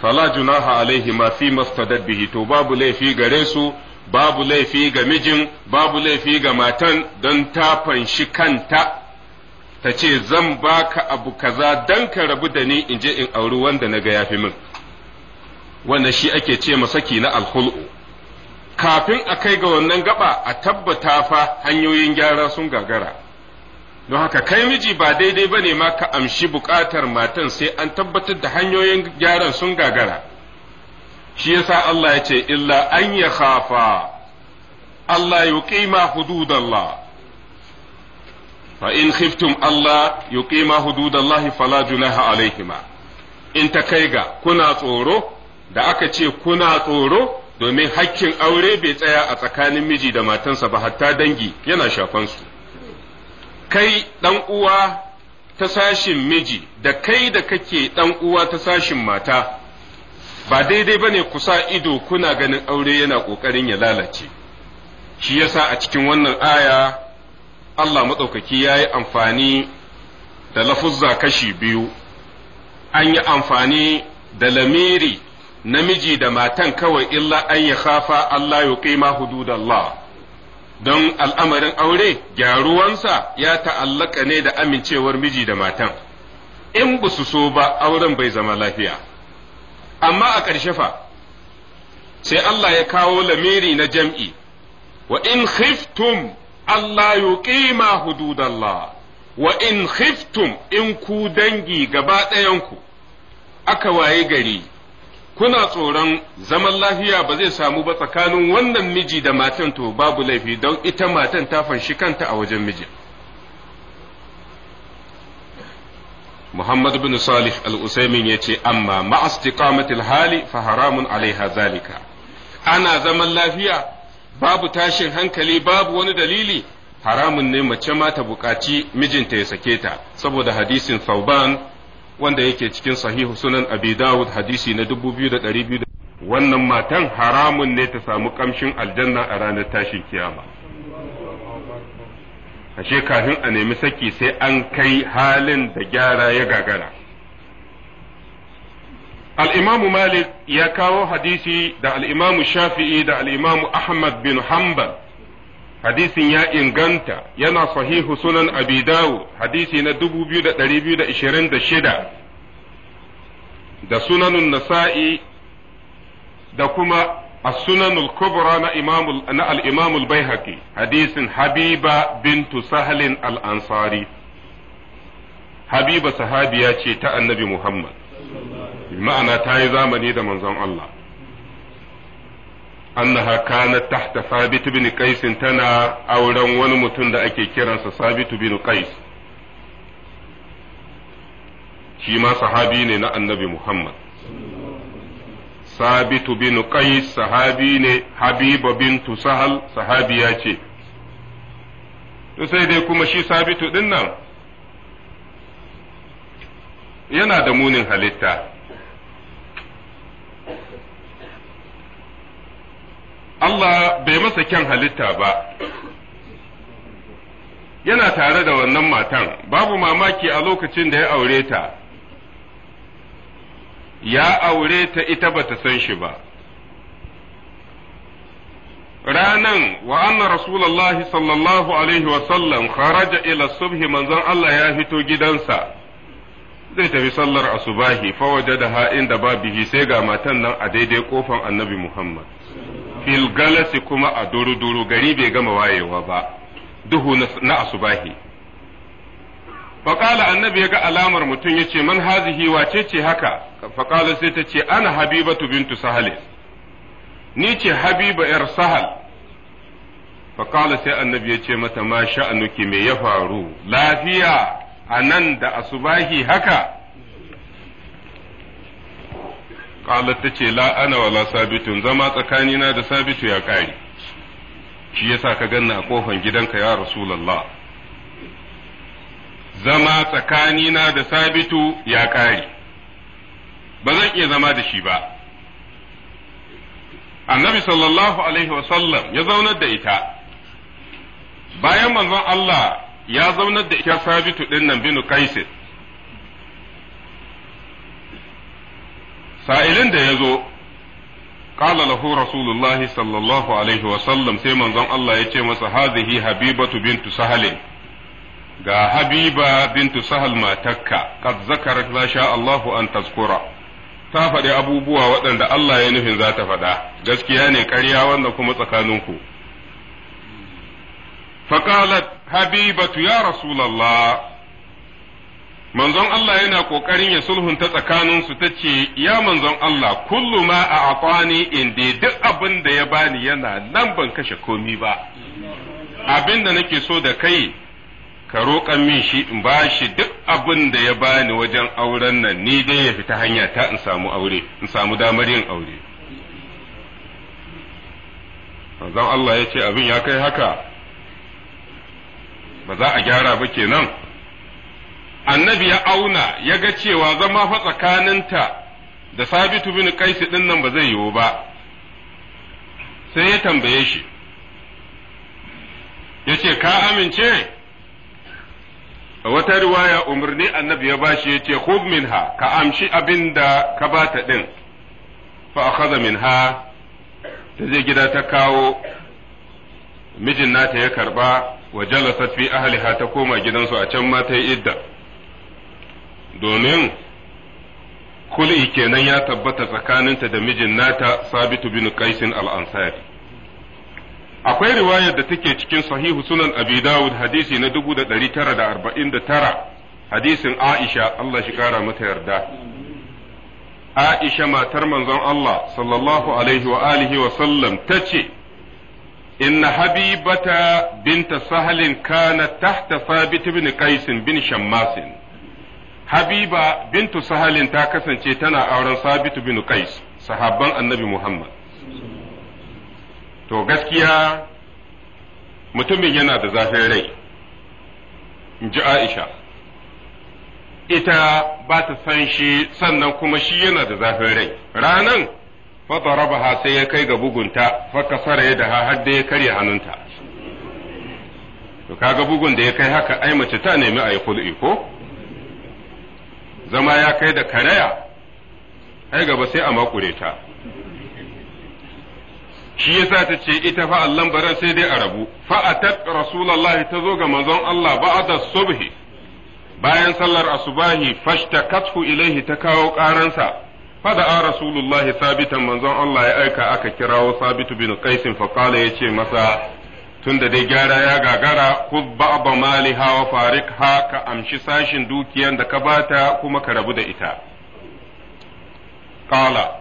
fala junaha alaihi ma fi maftadat bihi to babu laifi gare su babu laifi ga mijin babu laifi ga matan don ta fanshi kanta ta ce zan ba ka abu kaza dan ka rabu da ni in je in auri wanda na ga yafi min wannan shi ake ce masaki na alkhul'u kafin a kai ga wannan gaba a tabbata fa hanyoyin gyara sun gagara don haka kai miji ba daidai ba ne ma ka amshi bukatar matan sai an tabbatar da hanyoyin gyaran sun gagara shi yasa Allah ya ce illa an ya khafa Allah yuqima hududallah fa in khiftum Allah yuqima hududallahi fala junaha alaihima in ta kai ga kuna tsoro da aka ce kuna tsoro domin hakkin aure bai tsaya a tsakanin miji da matansa ba hatta dangi yana shafan su kai dan uwa ta sashin miji da kai da kake dan uwa ta sashin mata ba daidai bane ku sa ido kuna ganin aure yana kokarin ya lalace shi yasa a cikin wannan aya Allah matsaukaki ya yi amfani da lafuzza kashi biyu, an yi amfani da lamiri namiji da matan kawai illa an ya kafa Allah ya ƙima hududallah don al'amarin aure gyaruwansa ya ta'allaka ne da amincewar miji da matan, in ba su so ba auren bai zama lafiya. Amma a ƙarshe fa, sai Allah ya kawo lamiri na jam'i, wa in khiftum Allah yuqima hududallah wa in khiftum in ku dangi gaba ɗayanku aka waye gari kuna tsoron zaman lafiya ba zai samu ba tsakanin wannan miji da matan to babu laifi don ita matan ta fanshi kanta a wajen mijin Muhammad bin Salih al-Usaimin ya ce, Amma ma'astiqamatil hali fa haramun alaiha zalika, ana zaman lafiya babu tashin hankali babu wani dalili haramun ne mace ma ta buƙaci mijinta ya sake ta saboda hadisin sauban wanda yake cikin sahihu sunan Abi Dawud hadisi na 2200 wannan matan haramun ne ta samu kamshin aljanna a ranar tashin kiyama ashe kafin a nemi saki sai an kai halin da gyara ya gagara al'imamu malik ya kawo hadisi da al'imamu shafi'i da al'imamu ahmad bin hanbal hadisin ya inganta yana sahihu sunan abi hadisi na 2226 da sunanun nasa'i da kuma السنن الكبرى نا الإمام البيهقي حديث حبيبة بنت سهل الأنصاري حبيبة صحابية ta النبي محمد ma'ana ta yi zamani da manzon Allah annaha kanat tahta sabit bin qais tana auren wani mutum da ake kiransa sabit bin qais shi ma sahabi ne na annabi Muhammad sabit bin qais sahabi ne habiba bintu sahal sahabiya ce to sai dai kuma shi sabitu din nan yana da munin halitta Allah bai masa kyan halitta ba yana tare da wannan matan babu mamaki a lokacin da ya aure ta ya aure ta ita bata san shi ba ranan wa anna rasulullahi sallallahu alaihi wasallam kharaja ila subhi manzon Allah ya fito gidansa zai tafi sallar asubahi fa wajadaha inda babihi sai ga matan nan a daidai kofan annabi Muhammad fil galasi kuma a duruduru gari bai gama wayewa ba duhu na asubahi faƙala annabi ya ga alamar mutum ya ce man hazihi wace ce haka faƙala sai ta ce ana habibatu bintu sahal ni ce habiba yar sahal faƙala sai annabi ya ce mata ma sha'anuki me ya faru lafiya a nan da asubahi haka qalat tace la ana wala sabitun zama tsakanina da sabitu ya kare shi yasa ka ganna a kofan gidanka ya rasulullah zama tsakanina da sabitu ya kare ba zan iya zama da shi ba annabi sallallahu alaihi wasallam ya zaunar da ita bayan manzon Allah ya zaunar da ita sabitu din nan binu kaisin sa'ilin da ya zo ƙalalahu lahu rasulullahi sallallahu alaihi wa sallam sai manzon Allah ya ce masa hazihi habibatu bintu sahal ga habiba bintu sahal matakka qad zakarat sha Allahu an taskura, ta faɗi abubuwa waɗanda Allah ya nufin za ta faɗa gaskiya ne ƙarya wanda kuma tsakaninku فقالت حبيبة يا رسول الله manzon Allah yana kokarin ya sulhunta tsakaninsu ta ce ya manzon Allah kullu ma a aƙwani inda duk abin da ya bani yana nan ban kashe komi ba abin da nake so da kai ka roƙan min shi in ba shi duk abin da ya bani wajen auren nan ni dai ya fita hanya ta in samu aure in samu damar yin aure manzon Allah ya ce abin ya kai haka ba za a gyara ba kenan annabi ya auna ya ga cewa zama fa tsakaninta da sabitu bin kaisi din nan ba zai yiwu ba sai ya tambaye shi ya ce ka amince a wata riwaya umarni annabi ya bashi ya ce khudh minha ka amshi abin da ka bata din fa akhadha minha ta je gida ta kawo mijin nata ya karba wa jalasat fi ahliha ta koma gidansu a can ma ta yi idda domin kul'i kenan ya tabbata tsakaninta da mijin nata sabitu bin qaisin al-ansari akwai riwayar da take cikin sahihu sunan abi dawud hadisi na 1949 hadisin aisha Allah shi kara mata yarda aisha matar manzon Allah sallallahu alaihi wa alihi wa sallam tace inna habibata binta sahlin kana tahta sabit bin qais bin shammasin Habiba bintu Sahalin ta kasance tana auren Sabitu bin Qais, sahabban Annabi Muhammad. To gaskiya mutumin yana da zafin rai, in ji Aisha, ita ba ta san shi sannan kuma shi yana da zafin rai. Ranan, fadarabaha sai ya kai ga bugunta, fakasara ya da har da ya karya hannunta. To kaga bugun da ya kai haka ai mace ta nemi a yi ko? zama ya kai da karaya ai gaba sai a makure ta shi yasa ta ce ita fa Allah bara sai dai a rabu fa atat rasulullah ta zo ga manzon Allah ba'da subhi bayan sallar asubahi fashtakathu ilaihi ta kawo karansa fada'a rasulullah sabitan manzon Allah ya aika aka kirawo sabitu bin qais fa qala yace masa Tun da dai gyara ya gagara khudh ba'd maliha wa farikha ka amshi sashin dukiyar da ka bata kuma ka rabu da ita qala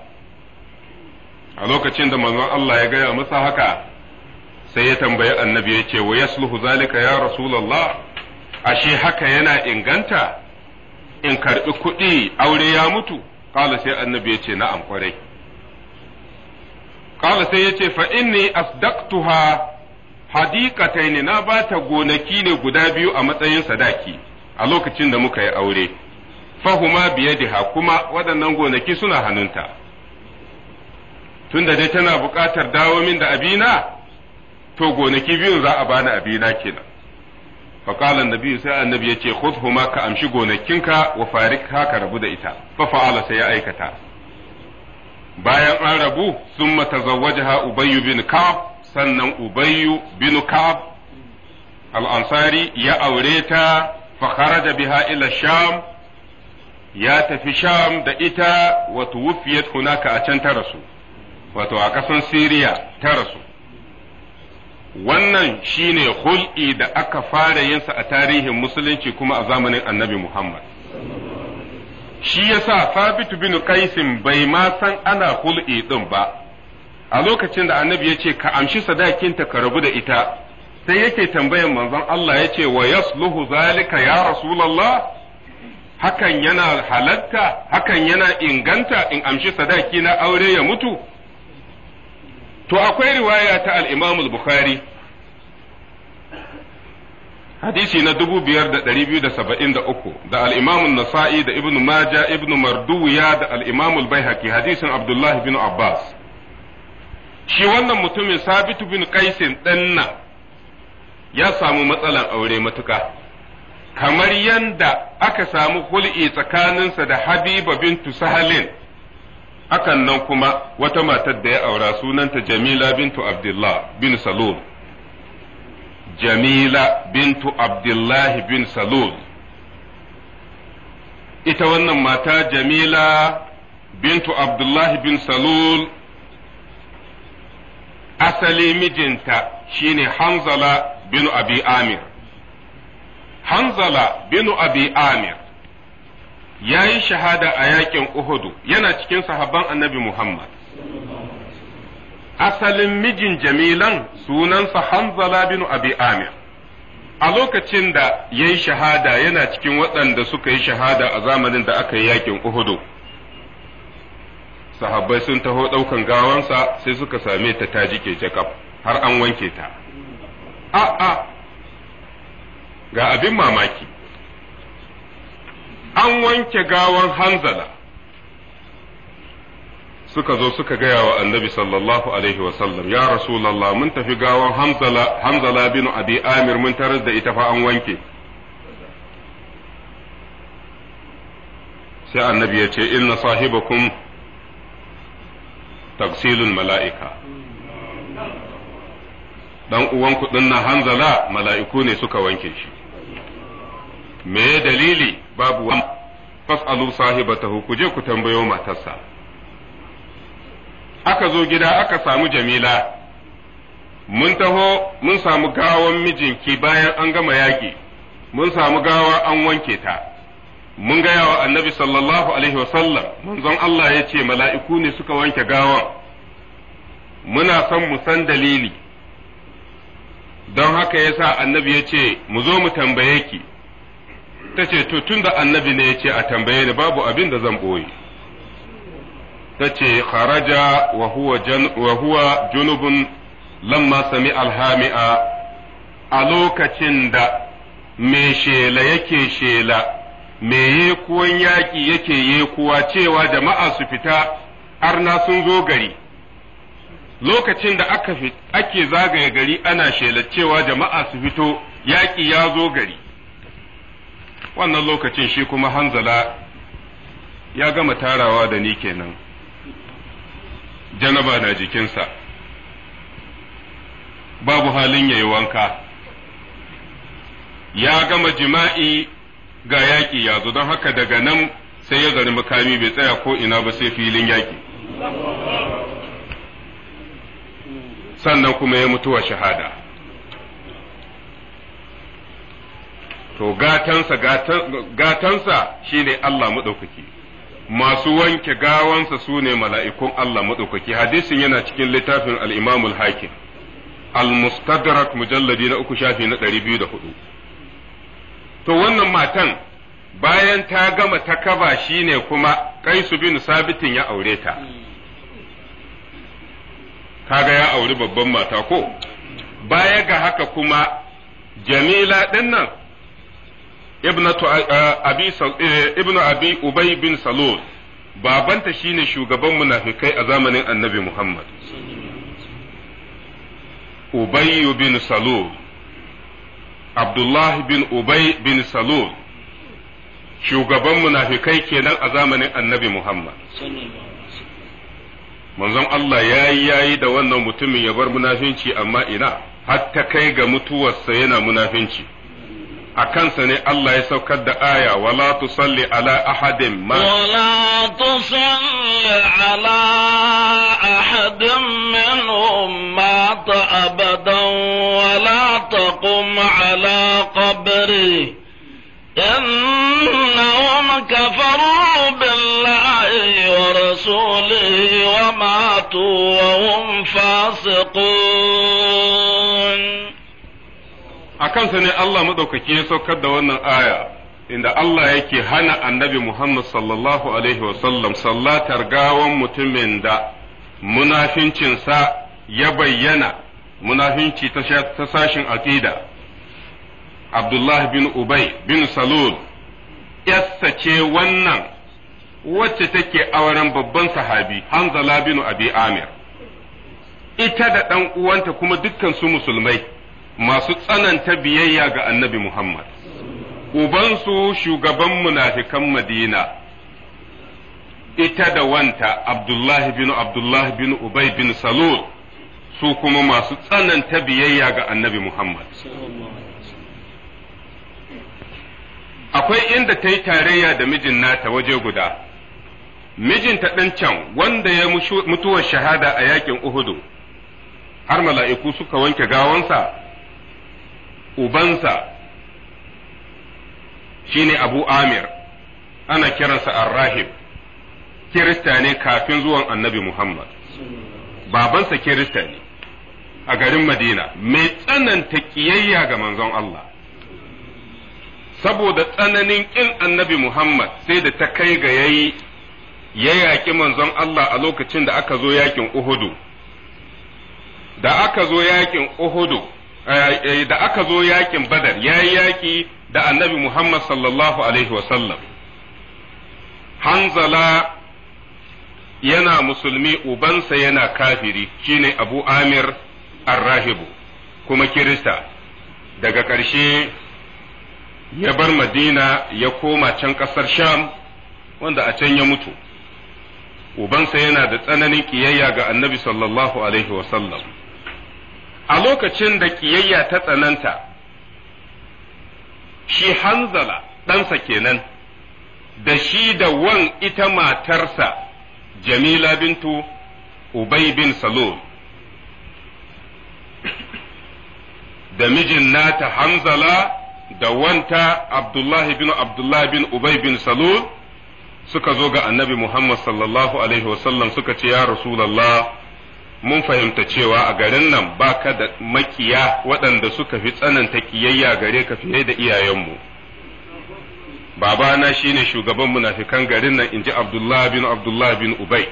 a lokacin da manzon Allah ya gaya masa haka sai ya tambayi annabi yace ce wa yasluhu zalika ya rasulullah ashe haka yana inganta in karbi kuɗi aure ya mutu qala sai annabi ya na'am kwarai qala sai yace ce fa inni asdaqtuha ne na bata gonaki ne guda biyu a matsayin sadaki a lokacin da muka yi aure fahuma biyadiha kuma waɗannan gonaki suna hannunta tunda dai tana buƙatar dawo min da abina to gonaki biyun za a bani abina kenan faƙalan biyu sai annabi ya ce huma ka amshi gonakinka wa farik ka rabu da ita fa fa'ala sai ya aikata bayan an rabu sun mata matazawwajaha ubayyu bin ka. sannan ubayyu bin Kab al ya aure ta fa da biha ila sham ya tafi sham da ita wato wufiyat hunaka a can ta rasu wato a ƙasan siriya ta rasu wannan shine hul'i da aka fara yinsa a tarihin musulunci kuma a zamanin annabi muhammad shi yasa sabitu bin qaisin bai ma san ana hul'i din ba a lokacin da annabi ya ce ka amshi sadakinta ka rabu da ita sai yake tambayan manzon Allah ya ce wa yasluhu zalika ya rasulullah hakan yana halatta hakan yana inganta in amshi sadaki na aure ya mutu to akwai riwaya ta al-Imam al-Bukhari hadisi na 5273 da al-Imam an-Nasa'i da Ibn Majah Ibn Marduya da al-Imam al-Baihaqi hadisin Abdullah ibn Abbas shi wannan mutumin sabitu bin kaisin ɗannan ya samu matsalan aure matuka kamar yanda aka samu hul'i tsakaninsa da habiba bintu sahalin akan nan kuma wata matar da ya aura sunanta jamila bintu abdullah bin salul jamila bintu abdullahi bin salul ita wannan mata jamila bintu abdullahi bin salul asali mijinta shine Hanzala bin Abi Amir. Hanzala bin Abi Amir ya yi shahada a yakin Uhudu yana cikin sahabban annabi Muhammad. Asalin mijin Jamilan sunansa Hanzala bin Abi Amir. A lokacin da ya yi shahada yana cikin waɗanda suka yi shahada a zamanin da aka yi yakin Uhudu. sahabbai sun taho ɗaukan gawansa sai suka same ta ta jike jakaf har an wanke ta a'a ga abin mamaki an wanke gawan hanzala suka zo suka gaya wa annabi sallallahu alaihi wasallam ya rasulallah mun tafi gawan hamzala hamzala bin abi amir mun tarar da ita fa an wanke sai annabi ya ce inna sahibakum tafsilul mala'ika dan uwan kuɗin na hanzala mala'iku ne suka wanke shi me dalili babu wani fas'alu sahibatahu ku je ku tambayo matarsa aka zo gida aka samu jamila mun taho mun samu gawan mijinki bayan an gama yaƙi mun samu gawa an wanke ta mun gaya wa annabi sallallahu alaihi wasallam manzon Allah ya ce mala'iku ne suka wanke gawan muna son mu san dalili don haka ya sa annabi ya ce mu zo mu tambaye ki ta ce to tun annabi ne ya ce a tambaye ni babu abin da zan ɓoye ta ce kharaja wa huwa junubun lamma sami alhami'a a lokacin da mai shela yake shela me yekuwan yaƙi yake yekuwa cewa jama'a su fita arna sun zo gari lokacin da ake zagaye gari ana shelar cewa jama'a su fito yaƙi ya zo gari wannan lokacin shi kuma hanzala ya gama tarawa da ni kenan janaba na jikinsa babu halin yayi wanka ya gama jima'i ga yaƙi ya zo don haka daga nan sai ya gari makami bai tsaya ko ina ba sai filin yaƙi sannan kuma ya mutuwa shahada to gatansa gatansa shine Allah maɗaukaki masu wanke gawansa su ne mala'ikun Allah maɗaukaki hadisin yana cikin littafin al'imamul hakim al-mustadrak mujalladi na uku shafi na ɗari biyu da hudu to wannan matan bayan ta gama ta kaba shi ne kuma kaisu bin sabitin ya aure ta kaga ya auri babban mata ko baya ga haka kuma jamila dinnan ibnatu eh, abi eh, ibnu abi ubay bin salul babanta shine shugaban munafikai a zamanin annabi muhammad ubay bin salul Abdullah bin Ubay bin Salul shugaban munafikai kenan a zamanin annabi Muhammad. Manzon Allah ya yi yayi da wannan mutumin ya bar munafinci amma ina, hatta kai ga mutuwarsa yana munafinci. a kansa ne Allah ya saukar da aya wala tusalli ala ahadin ma wala tusalli ala ahadin minhum mata abadan wala taqum ala qabri إنهم كفروا بالله ورسوله وماتوا وهم فاسقون a kansa ne Allah maɗaukaki ya saukar da wannan aya inda Allah yake hana annabi Muhammad sallallahu alaihi wasallam sallatar gawan mutumin da munafincinsa ya bayyana munafinci ta sashin aqida Abdullah bin Ubay bin Salul yassa ce wannan wacce take auren babban sahabi Hanzala bin Abi Amir ita da ɗan uwanta kuma dukkan su musulmai masu tsananta biyayya ga annabi Muhammad, ubansu shugaban munafikan Madina, ita da wanta Abdullahi bin Abdullahi bin Ubay bin Salul su kuma masu tsananta biyayya ga annabi Muhammad. Akwai inda ta tarayya da mijin nata waje guda, mijinta ɗan can wanda ya mutuwar shahada a yakin Uhudu, har mala'iku suka wanke gawansa. ubansa shine Abu Amir ana kiransa Ar-Rahib Kirista ne kafin zuwan Annabi Muhammad babansa Kirista ne a garin Madina mai tsananta kiyayya ga manzon Allah saboda tsananin ƙin Annabi Muhammad sai da ta kai ga yayi ya yaƙi manzon Allah a lokacin da aka zo yakin Uhudu da aka zo yakin Uhudu Eh, eh, da aka zo yakin badar ya yi yaƙi da annabi muhammad sallallahu alaihi wasallam hanzala yana musulmi ubansa yana kafiri shine abu amir arrahibu kuma kirista daga ƙarshe ya bar madina ya koma can ƙasar sham wanda a can ya mutu ubansa yana da tsananin ƙiyayya ga annabi sallallahu alaihi wasallam a lokacin da kiyayya ta tsananta shi hanzala ɗansa kenan da shi da wan ita matarsa jamila bintu ubay bin salul da mijin nata hanzala da wanta abdullahi bin abdullahi bin ubay bin salul suka zo ga annabi muhammad sallallahu alaihi wasallam suka ce ya rasulallah mun fahimta cewa a garin nan ba ka da makiya waɗanda suka fi tsananta kiyayya gare ka fiye da iyayenmu babana shine shugaban munafikan garin nan inji Abdullah bin Abdullah bin Ubay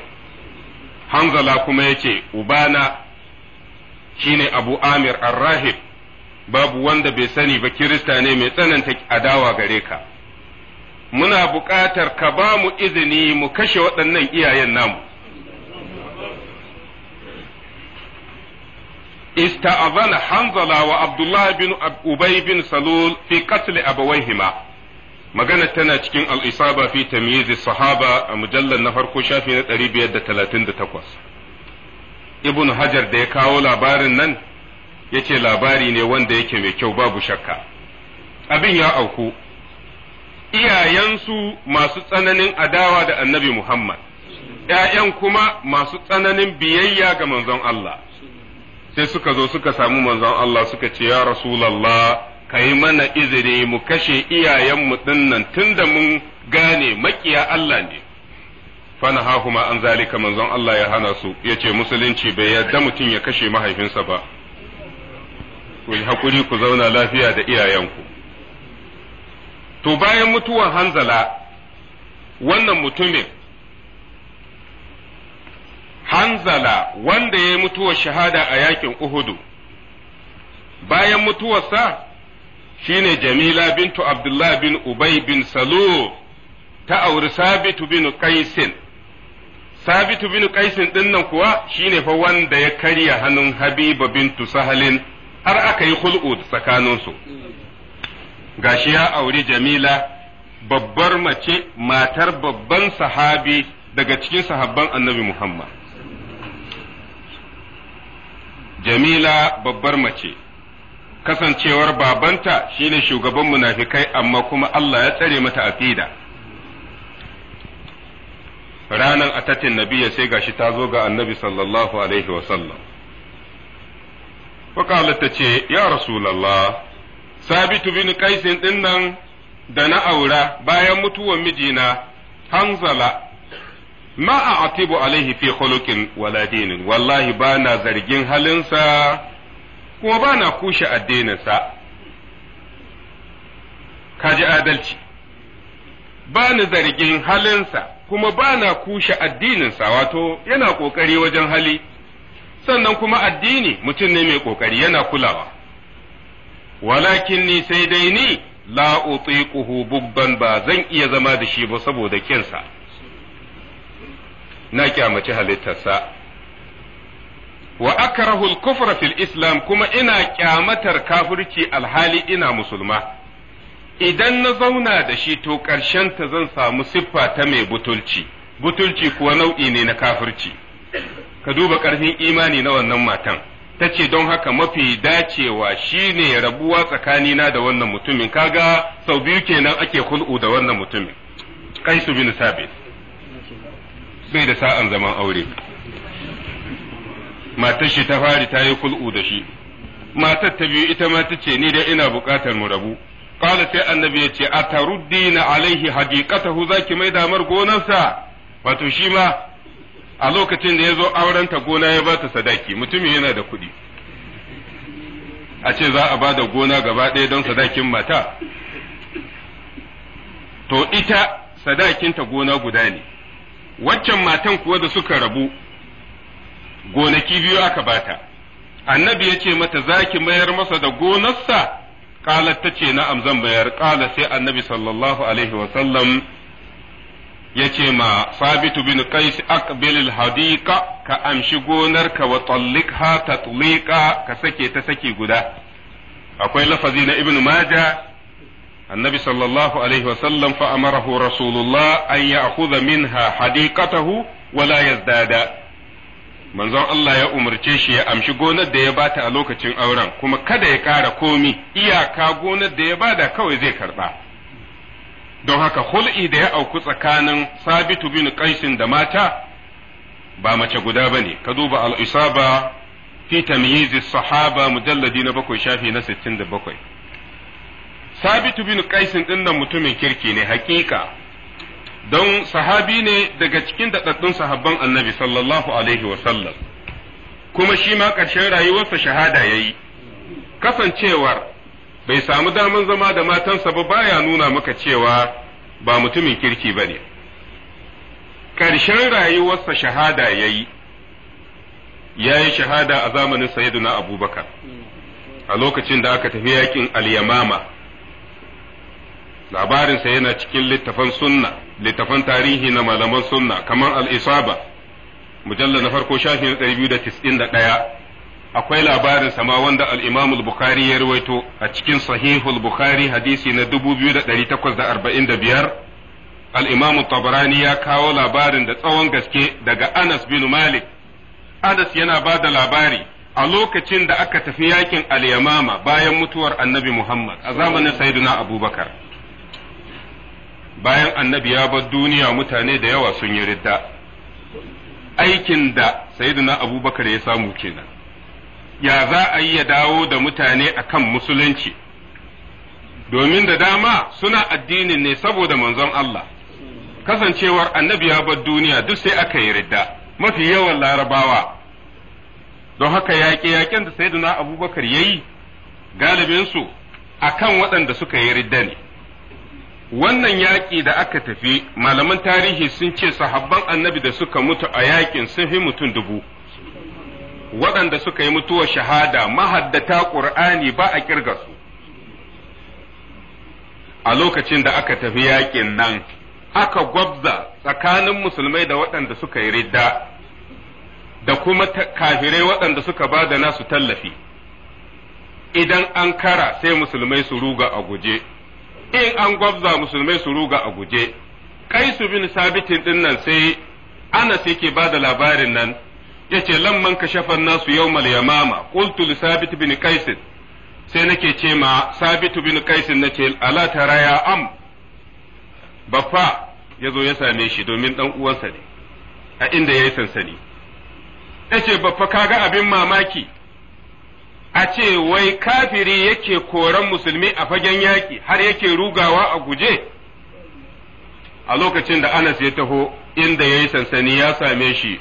Hanzala kuma yace ubana shine Abu Amir arrahib babu wanda bai sani ba kirista ne mai tsananta adawa gare ka muna buƙatar ka ba mu izini mu kashe waɗannan iyayen namu استأذن حنظلة وعبد bin Ubay bin Salul fi قتل أبويهما magana tana cikin al'isaba fi tamyizi sahaba a mujallar na farko shafi na 538 ibn hajar da ya kawo labarin nan ya ce labari ne wanda yake mai kyau babu shakka abin ya auku iyayensu masu tsananin adawa da annabi muhammad ‘ya'yan kuma masu tsananin biyayya ga manzon Allah sai suka zo suka samu manzon Allah suka ce ya rasulallah ka yi mana izini mu kashe iyayenmu dinnan da mun gane makiya Allah ne fanahahuma an zalika manzon Allah ya hana su yace musulunci bai yarda mutum ya kashe mahaifinsa ba ku hakuri ku zauna lafiya da iyayenku to bayan mutuwar hanzala wannan mutumin hanzala wanda ya mutuwar shahada a yakin uhudu bayan mutuwarsa shine jamila bintu abdullah bin ubay bin salu ta auri sabitu bin qaisin sabitu bin qaisin dinnan kuwa shine fa wanda ya karya hannun habiba bintu sahalin har aka yi hul'u tsakaninsu gashi ya auri jamila babbar mace matar babban sahabi daga cikin sahabban annabi muhammad Jamila babbar mace, kasancewar babanta shine shugaban munafikai amma kuma Allah ya tsare mata aqida. Ranan atatin Nabiyya sai gashi ta zo ga annabi sallallahu alaihi wasallam. sallam. ta ce, Ya Rasulallah, sabitu bin kaisin din nan da na aura bayan mutuwar mijina, hanzala ma a atibu alaihi fi khuluqin wala dinin wallahi ba na zargin sa kuma ba na kushe addininsa kaji adalci ba ni zargin halinsa kuma ba na kushe addininsa wato yana ƙoƙari wajen hali sannan kuma addini mutum ne mai ƙoƙari yana kulawa walakin ni sai dai ni la utiquhu bubban ba zan iya zama da shi ba saboda kinsa na kyamaci halittarsa wa akrahu al-kufra fil islam kuma ina kyamatar kafirci alhali ina musulma idan na zauna da shi to ƙarshen ta zan samu siffa ta mai butulci butulci kuwa nau'i ne na kafirci ka duba ƙarfin imani na wannan matan ta ce don haka mafi dacewa shine rabuwa tsakanina da wannan mutumin kaga sau biyu kenan ake kul'u da wannan mutumin kaisu bin sabit bai da sa'an zaman aure matar shi ta fari ta yi kul'u da shi matar ta biyu ita ma ce ni dai ina buƙatar mu rabu qala sai annabi ya yace ataruddina alaihi za ki mai damar gonarsa wato shi ma a lokacin da ya zo aurenta gona ya ba ta sadaki mutumin yana da kuɗi a ce za a ba da gona gaba ɗaya don sadakin mata to ita sadakinta gona guda ne waccan matan kuwa da suka rabu gonaki biyu aka bata annabi ya ce mata za ki mayar masa da gonarsa ta ce na'am zan bayar ƙala sai annabi sallallahu alaihi wa sallam ce ma sabitu bin qais aqbil Hadika ka amshi gonarka wa talliqha tatliqa ka sake ta saki guda akwai lafazi na ibnu majah النبي صلى الله عليه وسلم فأمره رسول الله أن يأخذ منها حديقته ولا يزداد manzon Allah ya umarce shi ya amshi gonar da ya bata a lokacin auren kuma kada ya ƙara komi iyaka gonar da ya bada kawai zai karba don haka hul'i da ya auku tsakanin sabitu bin qaisin da mata ba mace guda ba ne. ka duba al-isaba fi sahaba mujalladi na bakwai shafi na 67 sabitu bin qaisin din nan mutumin kirki ne hakika don sahabi ne daga cikin daɗaɗɗun sahabban annabi sallallahu alaihi wasallam kuma shi ma ƙarshen rayuwarsa shahada ya yi kasancewar bai samu daman zama da matansa ba baya nuna maka cewa ba mutumin kirki ba ne ƙarshen rayuwarsa shahada ya yi ya yi shahada a zamanin sayyiduna abubakar a lokacin da aka tafi yakin al-yamama labarinsa yana cikin littafan sunna littafan tarihi na malaman sunna kamar al'isaba mujallar mujalla na farko shafi na 291 akwai labarin sama wanda al-imam bukhari ya ruwaito a cikin sahihul bukhari hadisi na 2845 al-imam tabarani ya kawo labarin da tsawon gaske daga anas bin malik anas yana ba da labari a lokacin da aka tafi yakin al-yamama bayan mutuwar annabi muhammad a zamanin sayyidina abubakar bayan annabi ya bar duniya mutane da yawa sun yi ridda aikin da sayyiduna abubakar ya samu kenan ya za a yi ya dawo da mutane akan musulunci domin da dama suna addinin ne saboda manzon Allah kasancewar annabi ya bar duniya duk sai aka yi ridda mafi yawan larabawa don haka yaƙe-yaƙen da sayyiduna abubakar ya yi galibinsu akan waɗanda suka yi ridda ne wannan yaƙi da aka tafi malaman tarihi sun ce sahabban annabi da suka mutu a yaƙin sun fi mutum dubu waɗanda suka yi mutuwar shahada mahaddata ƙur'ani ba a ƙirga su a lokacin da aka tafi yaƙin nan aka gwabza tsakanin musulmai da waɗanda suka yi ridda da kuma kafirai waɗanda suka ba da nasu tallafi idan an kara sai musulmai su ruga a guje in an gwabza musulmai su ruga a guje kaisu bin sabitin din nan sai anas yake ba da labarin nan yace lamman kashafan nasu yawmal yamama qultu li sabit bin qais sai nake ce ma sabit bin qais nace ala tara ya am baffa yazo ya same shi domin dan uwansa ne a inda yayi sansani yace baffa kaga abin mamaki a ce wai kafiri yake koran musulmi a fagen yaƙi har yake rugawa a guje a lokacin da Anas ya taho inda ya yi sansani ya same shi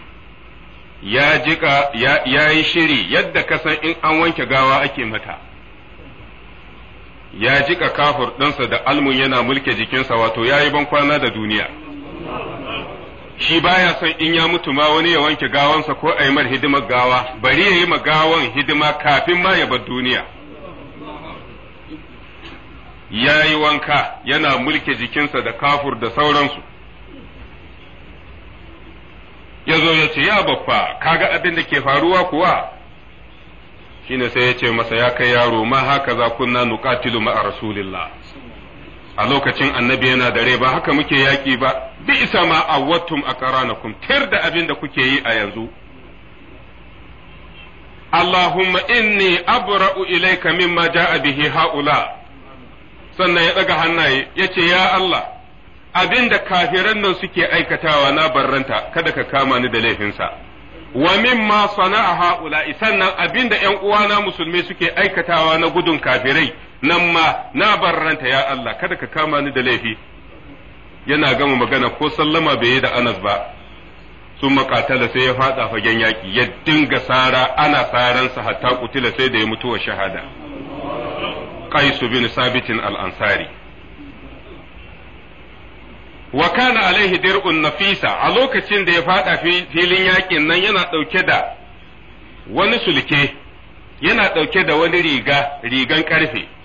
ya jika ya yi shiri yadda kasan in an wanke gawa ake mata ya jiƙa kafur ɗinsa da almun yana mulke jikinsa wato ya yi kwana da duniya shi baya son in ya mutu ma wani ya wanke gawansa ko a yi mar hidimar gawa bari ya yi ma gawan hidima kafin ma ya bar duniya ya yi wanka yana mulke jikinsa da kafur da sauransu ya zo ya ce ya babba kaga abin da ke faruwa kuwa shine sai ya ce masa ya kai yaro ma haka za kunna nuqatilu ma rasulillah a lokacin annabi yana da rai ba haka muke yaƙi ba bi isa ma a aqranakum tir da abin da kuke yi a yanzu Allahumma inni abra'u ilayka mimma ja'a bihi haula sannan ya daga hannaye yace ya Allah abin da kafiran nan suke aikatawa na barranta kada ka kama ni da laifinsa wa mimma sana'a haula sannan abin da ƴan uwana musulmi suke aikatawa na gudun kafirai nan ma na barranta ya Allah kada ka kama ni da laifi yana gama magana ko sallama bai yi da Anas ba sun makatala sai ya fada fagen yaki ya dinga sara ana saransa hatta kutila sai da ya mutuwa shahada qais bin sabitin al-ansari wa kana alaihi dir'un nafisa a lokacin da ya fada filin yakin nan yana dauke da wani sulke yana dauke da wani riga rigan karfe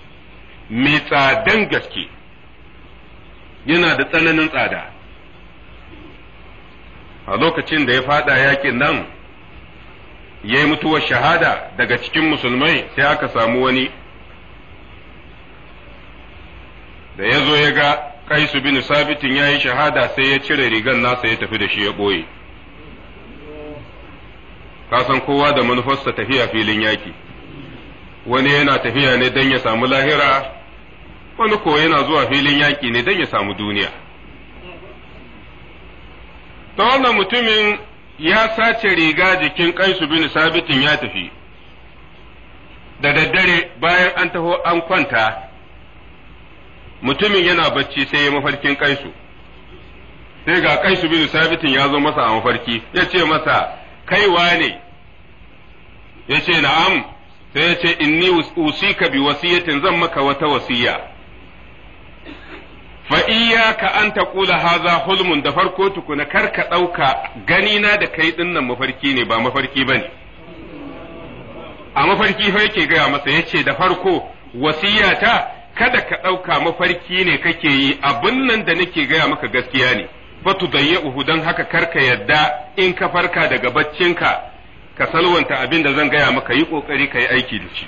mai tsadan gaske yana da tsananin tsada a lokacin da ya fada yakin nan ya yi mutuwar shahada daga cikin musulmai sai aka samu wani da ya zo ya ga kaisu bin sabitin ya yi shahada sai ya cire rigan nasa ya tafi da shi ya ɓoye kasan kowa da manufarsa tafiya filin yaki wani yana tafiya ne don ya samu lahira wani ko yana zuwa filin yaƙi ne don ya samu duniya ta wannan mutumin ya sace riga jikin kaisu bin sabitin ya tafi da daddare bayan an taho an kwanta mutumin yana bacci sai ya mafarkin kaisu sai ga kaisu bin sabitin ya zo masa a mafarki ya ce masa kaiwa ne ya ce na'am sai ya ce inni usika bi wasiyatin zan maka wata wasiya fa iyyaka an taqula haza hulmun da farko tukuna kar ka dauka na da kai dinnan mafarki ne ba mafarki bane a mafarki fa yake gaya masa yace da farko wasiyata kada ka dauka mafarki ne kake yi abin nan da nake gaya maka gaskiya ne fatu dayyuhu dan haka kar ka yadda in ka farka daga baccinka ka salwanta abin da zan gaya maka yi kokari ka aiki da shi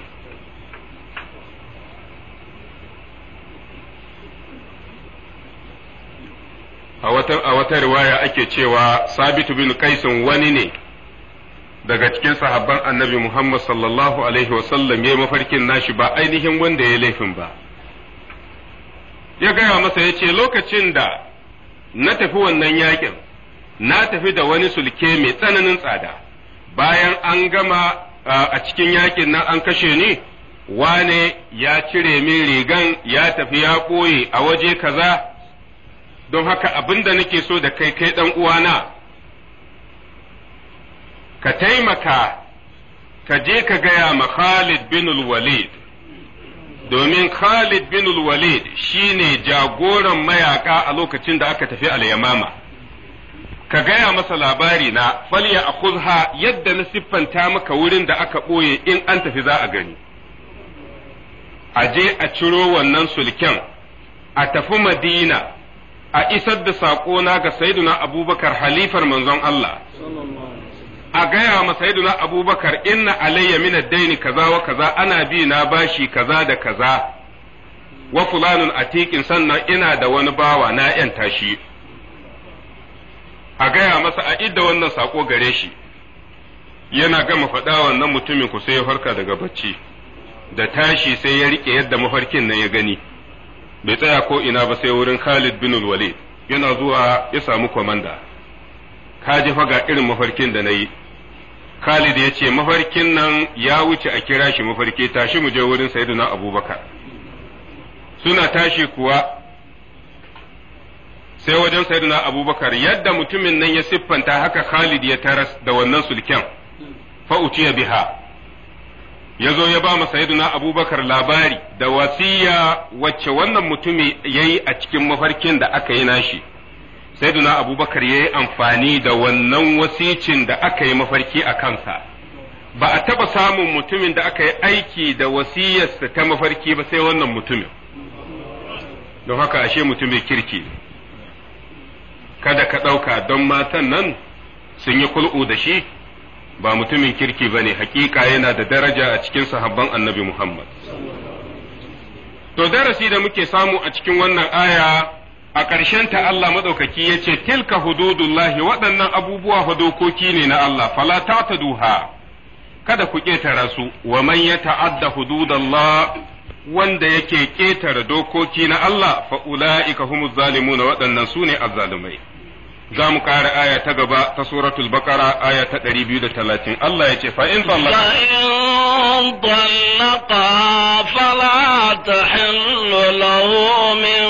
a wata a wata riwaya ake cewa sabitu bin kaisin wani ne daga cikin sahabban annabi Muhammad sallallahu alaihi wasallam ya yi mafarkin nashi ba ainihin wanda ya laifin ba ya gaya masa ya ce lokacin da na tafi wannan yakin na tafi da wani sulke mai tsananin tsada bayan an gama a cikin yakin nan an kashe ni wane ya cire min rigan ya tafi ya ɓoye a waje kaza don haka abin da nake so da kai kai ɗan uwana ka taimaka ka je ka gaya ma Khalid bin Walid domin Khalid bin Walid shine jagoran mayaka a lokacin da aka tafi al-Yamama ka gaya masa labari na falya akhudha yadda na siffanta maka wurin da aka ɓoye in an tafi za a gani a je a ciro wannan sulken a tafi Madina a isar da na ga sayyiduna abubakar halifar manzon Allah a gaya ma sayyiduna abubakar inna alayya min ad kaza wa kaza ana bi na bashi kaza da kaza wa fulanun atiqin sannan ina da wani bawa na yanta shi a gaya masa a idda wannan sako gare shi yana gama faɗa wannan mutumin ku sai ya farka daga bacci da tashi sai ya riƙe yadda mafarkin nan ya gani bai tsaya ko ina ba sai wurin Khalid bin Walid yana zuwa ya samu komanda ka ji fa ga irin mafarkin da nayi Khalid ya ce mafarkin nan ya wuce a kira shi mafarki tashi mu je wurin Sayyidina Abubakar suna tashi kuwa sai wajen Sayyidina Abubakar yadda mutumin nan ya siffanta haka Khalid ya taras da wannan sulken fa utiya biha ya zo ya ba ma sayyiduna abubakar labari da wasiya wacce wannan mutumi ya yi a cikin mafarkin da aka yi nashi sayyiduna abubakar ya yi amfani da wannan wasicin da aka yi mafarki a kansa ba a taba samun mutumin da aka yi aiki da wasiyarsa ta mafarki ba sai wannan mutumin don haka ashe mutumin kirki kada ka ɗauka don matan nan sun yi kul'u da shi ba mutumin kirki bane hakika yana da daraja a cikin sahabban annabi Muhammad to darasi da muke samu a cikin wannan aya a ƙarshen ta Allah madaukaki yace tilka hududullahi waɗannan abubuwa hudokoki ne na Allah fala duha. kada ku ƙetara su wa man ya ta'adda hududallah wanda yake ƙetare dokoki na Allah fa ula'ika humuz zalimuna waɗannan su ne azzalumai za mu ƙara aya ta gaba ta suratul baqara aya ta 230 Allah ya ce fa in طلقا فلا تحل له من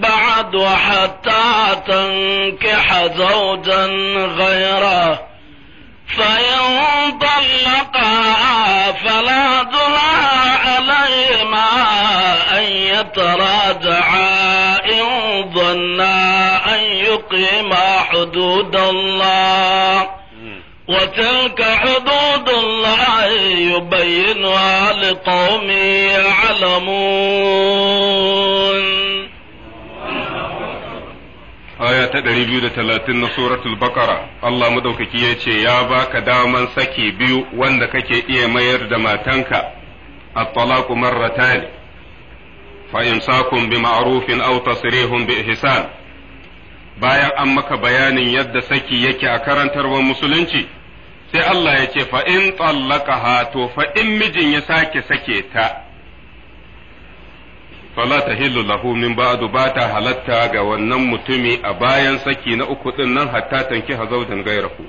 بعد حتى تنكح زوجا غيره فإن طلقا فلا جناح عليهما أن يتراجعا إن ظنا يقيم حدود الله وتلك حدود الله يبينها لقوم يعلمون aya ta ɗari biyu da talatin na suratul bakara Allah madaukaki ya ce ya baka daman saki biyu wanda kake iya mayar da matanka at-talaqu marratan fa imsakun bi ma'rufin aw tasrihun bi ihsan bayan an maka bayanin yadda saki yake a karantarwar musulunci sai Allah ya ce fa in tsallaka to fa in mijin ya sake sake ta fala tahillu lahu min ba'du ba ta halatta ga wannan mutumi a bayan saki na uku din nan hatta tanki hazaudan gairahu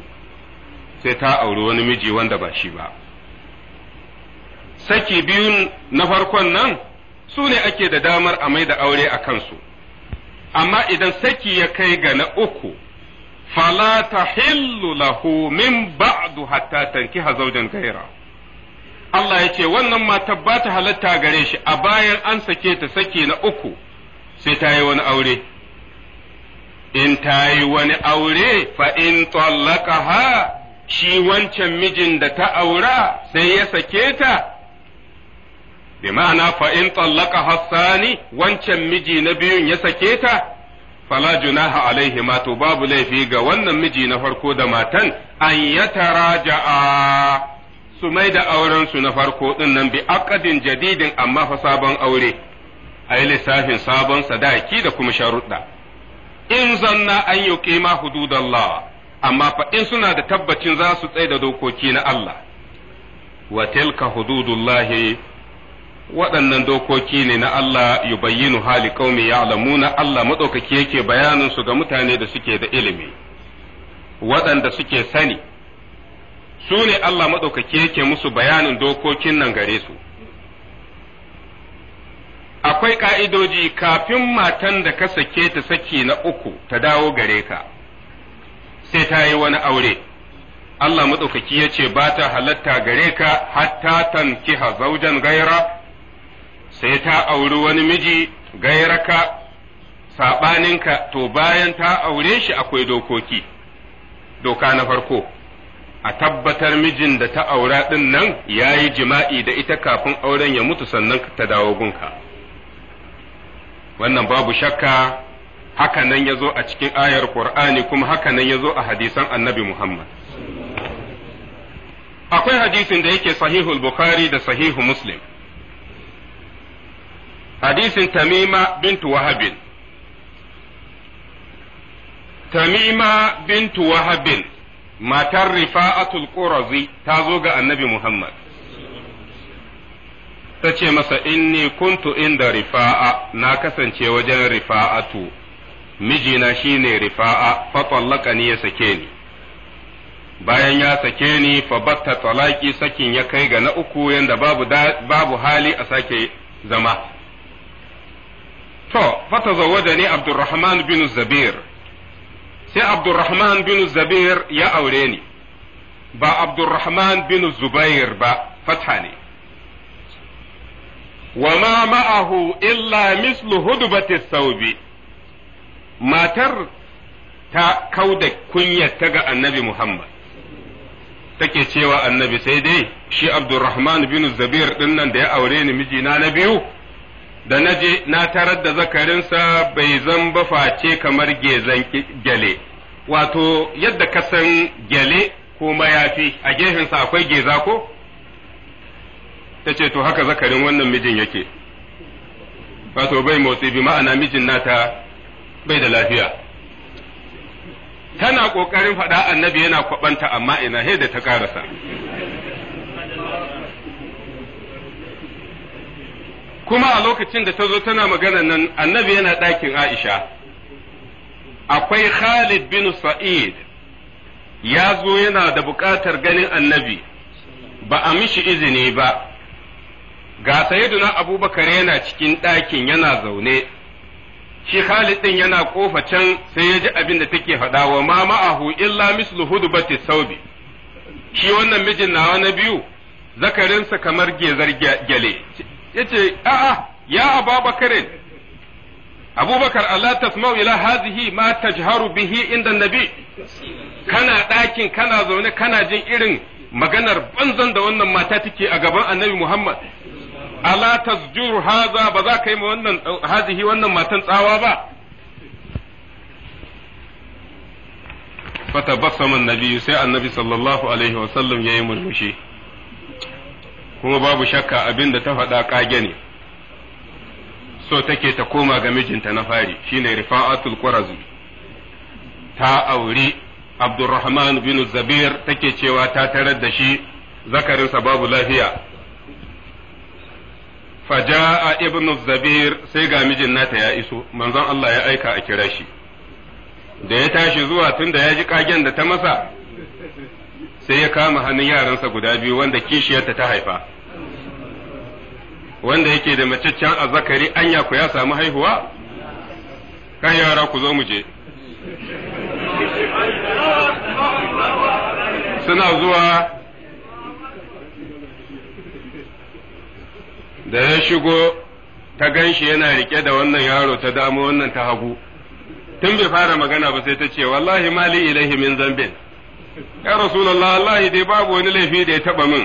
sai ta auri wani miji wanda ba shi ba saki biyun na farkon nan su ne ake da damar a mai da aure a kansu amma idan saki ya kai ga na uku fala tahillu lahu min ba'du hatta tanki zaujan gaira Allah ya ce wannan matar ba ta halatta gare shi a bayan an sake ta saki na uku sai ta yi wani aure in ta yi wani aure fa in tsallaka ha shi wancan mijin da ta aura sai ya sake ta bi ma'ana fa in tsallaka hassani wancan miji na biyun ya sake ta fala junaha alaihi ma to babu laifi ga wannan miji na farko da matan an ya taraja'a su mai da auren na farko din nan bi akadin jadidin amma fa sabon aure ayi lissafin sabon sadaki da kuma sharuɗa in zanna an ma hududallah amma fa in suna da tabbacin za su tsaye da dokoki na Allah wa tilka hududullahi waɗannan dokoki ne na Allah yubayyinu hali ya alamu na Allah madaukaki yake bayanin ga mutane da suke da ilimi waɗanda suke sani su ne Allah matsaukaki yake musu bayanin dokokin nan gare su akwai ƙa'idoji kafin matan da ka sake ta saki na uku ta dawo gare ka sai ta yi wani aure Allah maɗaukaki ya ce ba ta halatta gare ka hatta tankiha zaujan gaira sai ta auri wani miji gairaka saɓaninka to bayan ta aure shi akwai dokoki doka na farko a tabbatar mijin da ta aura ɗin nan ya yi jima'i da ita kafin auren ya mutu sannan ta dawo gunka wannan babu shakka hakanan ya zo a cikin ayar Qur'ani kuma hakanan ya zo a hadisan annabi Muhammad. Akwai hadisin da yake sahihul Bukhari da sahihu Muslim. hadisin tamima bintu wahabin tamima bintu wahabin matar rifa'atul qurazi ta zo ga annabi muhammad ta ce masa inni kuntu inda rifa'a na kasance wajen rifa'atu mijina shine rifa'a fa tallaka ni ya sake ni bayan ya sake ni fa batta talaki sakin ya kai ga na uku yanda babu babu hali a sake zama to fata zawaja ne abdurrahman bin zabir sai abdurrahman bin zabir ya aure ni ba abdurrahman bin zubair ba fatha ne wa ma ma'ahu illa mislu hudubati saubi matar ta kauda kunyar ta ga annabi muhammad take cewa annabi sai dai shi abdurrahman bin zabir din nan da ya aure ni mijina na biyu da na je na tarar da zakarinsa bai zan ba face kamar gezan gyale wato yadda ka san gyale ko mayafi a sa akwai geza ko ta ce to haka zakarin wannan mijin yake wato bai motsi bi ma'ana mijin nata bai da lafiya tana ƙoƙarin faɗa annabi yana kwaɓanta amma ina he da ta karasa. kuma a lokacin da ta zo tana magana nan annabi yana ɗakin Aisha akwai Khalid bin Sa'id ya zo yana da buƙatar ganin annabi ba a mishi izini ba ga sayyiduna abubakar yana cikin ɗakin yana zaune shi Khalid ɗin yana ƙofa can sai ya ji abin da take faɗa wa ma ma'ahu illa mislu hudubati saubi shi wannan mijin nawa na biyu zakarinsa kamar gezar gyale yace a'a ya Abubakar abubakar Allah tasma'u ila hazihi ma tajharu bihi inda nabi kana ɗakin kana zaune kana jin irin maganar banzan da wannan mata take a gaban annabi Muhammad ala tasjuru haza ba za ka yi wannan hazihi wannan matan tsawa ba fatabassama annabi sai annabi sallallahu alaihi wasallam yayi murmushi kuma babu shakka abin da ta faɗa ƙage ne so take ta koma ga mijinta na fari shine rifa'atul qurazi ta auri abdurrahman bin zabir take cewa ta tarar da shi zakarinsa babu lafiya faja'a ibnu zabir sai ga mijin nata ya iso manzon Allah ya aika a kira shi da ya tashi zuwa tunda ya ji kagen da ta masa sai ya kama hannun yaransa guda biyu wanda kishiyarta ta haifa wanda yake da macaccen azzakari anya ku ya samu haihuwa kan yara ku zo mu je suna zuwa da ya shigo ta ganshi yana rike da wannan yaro ta damu wannan ta hagu tun bai fara magana ba sai ta ce wallahi mali ilaihi min zambin ya rasulullah Allah dai babu wani laifi da ya taba min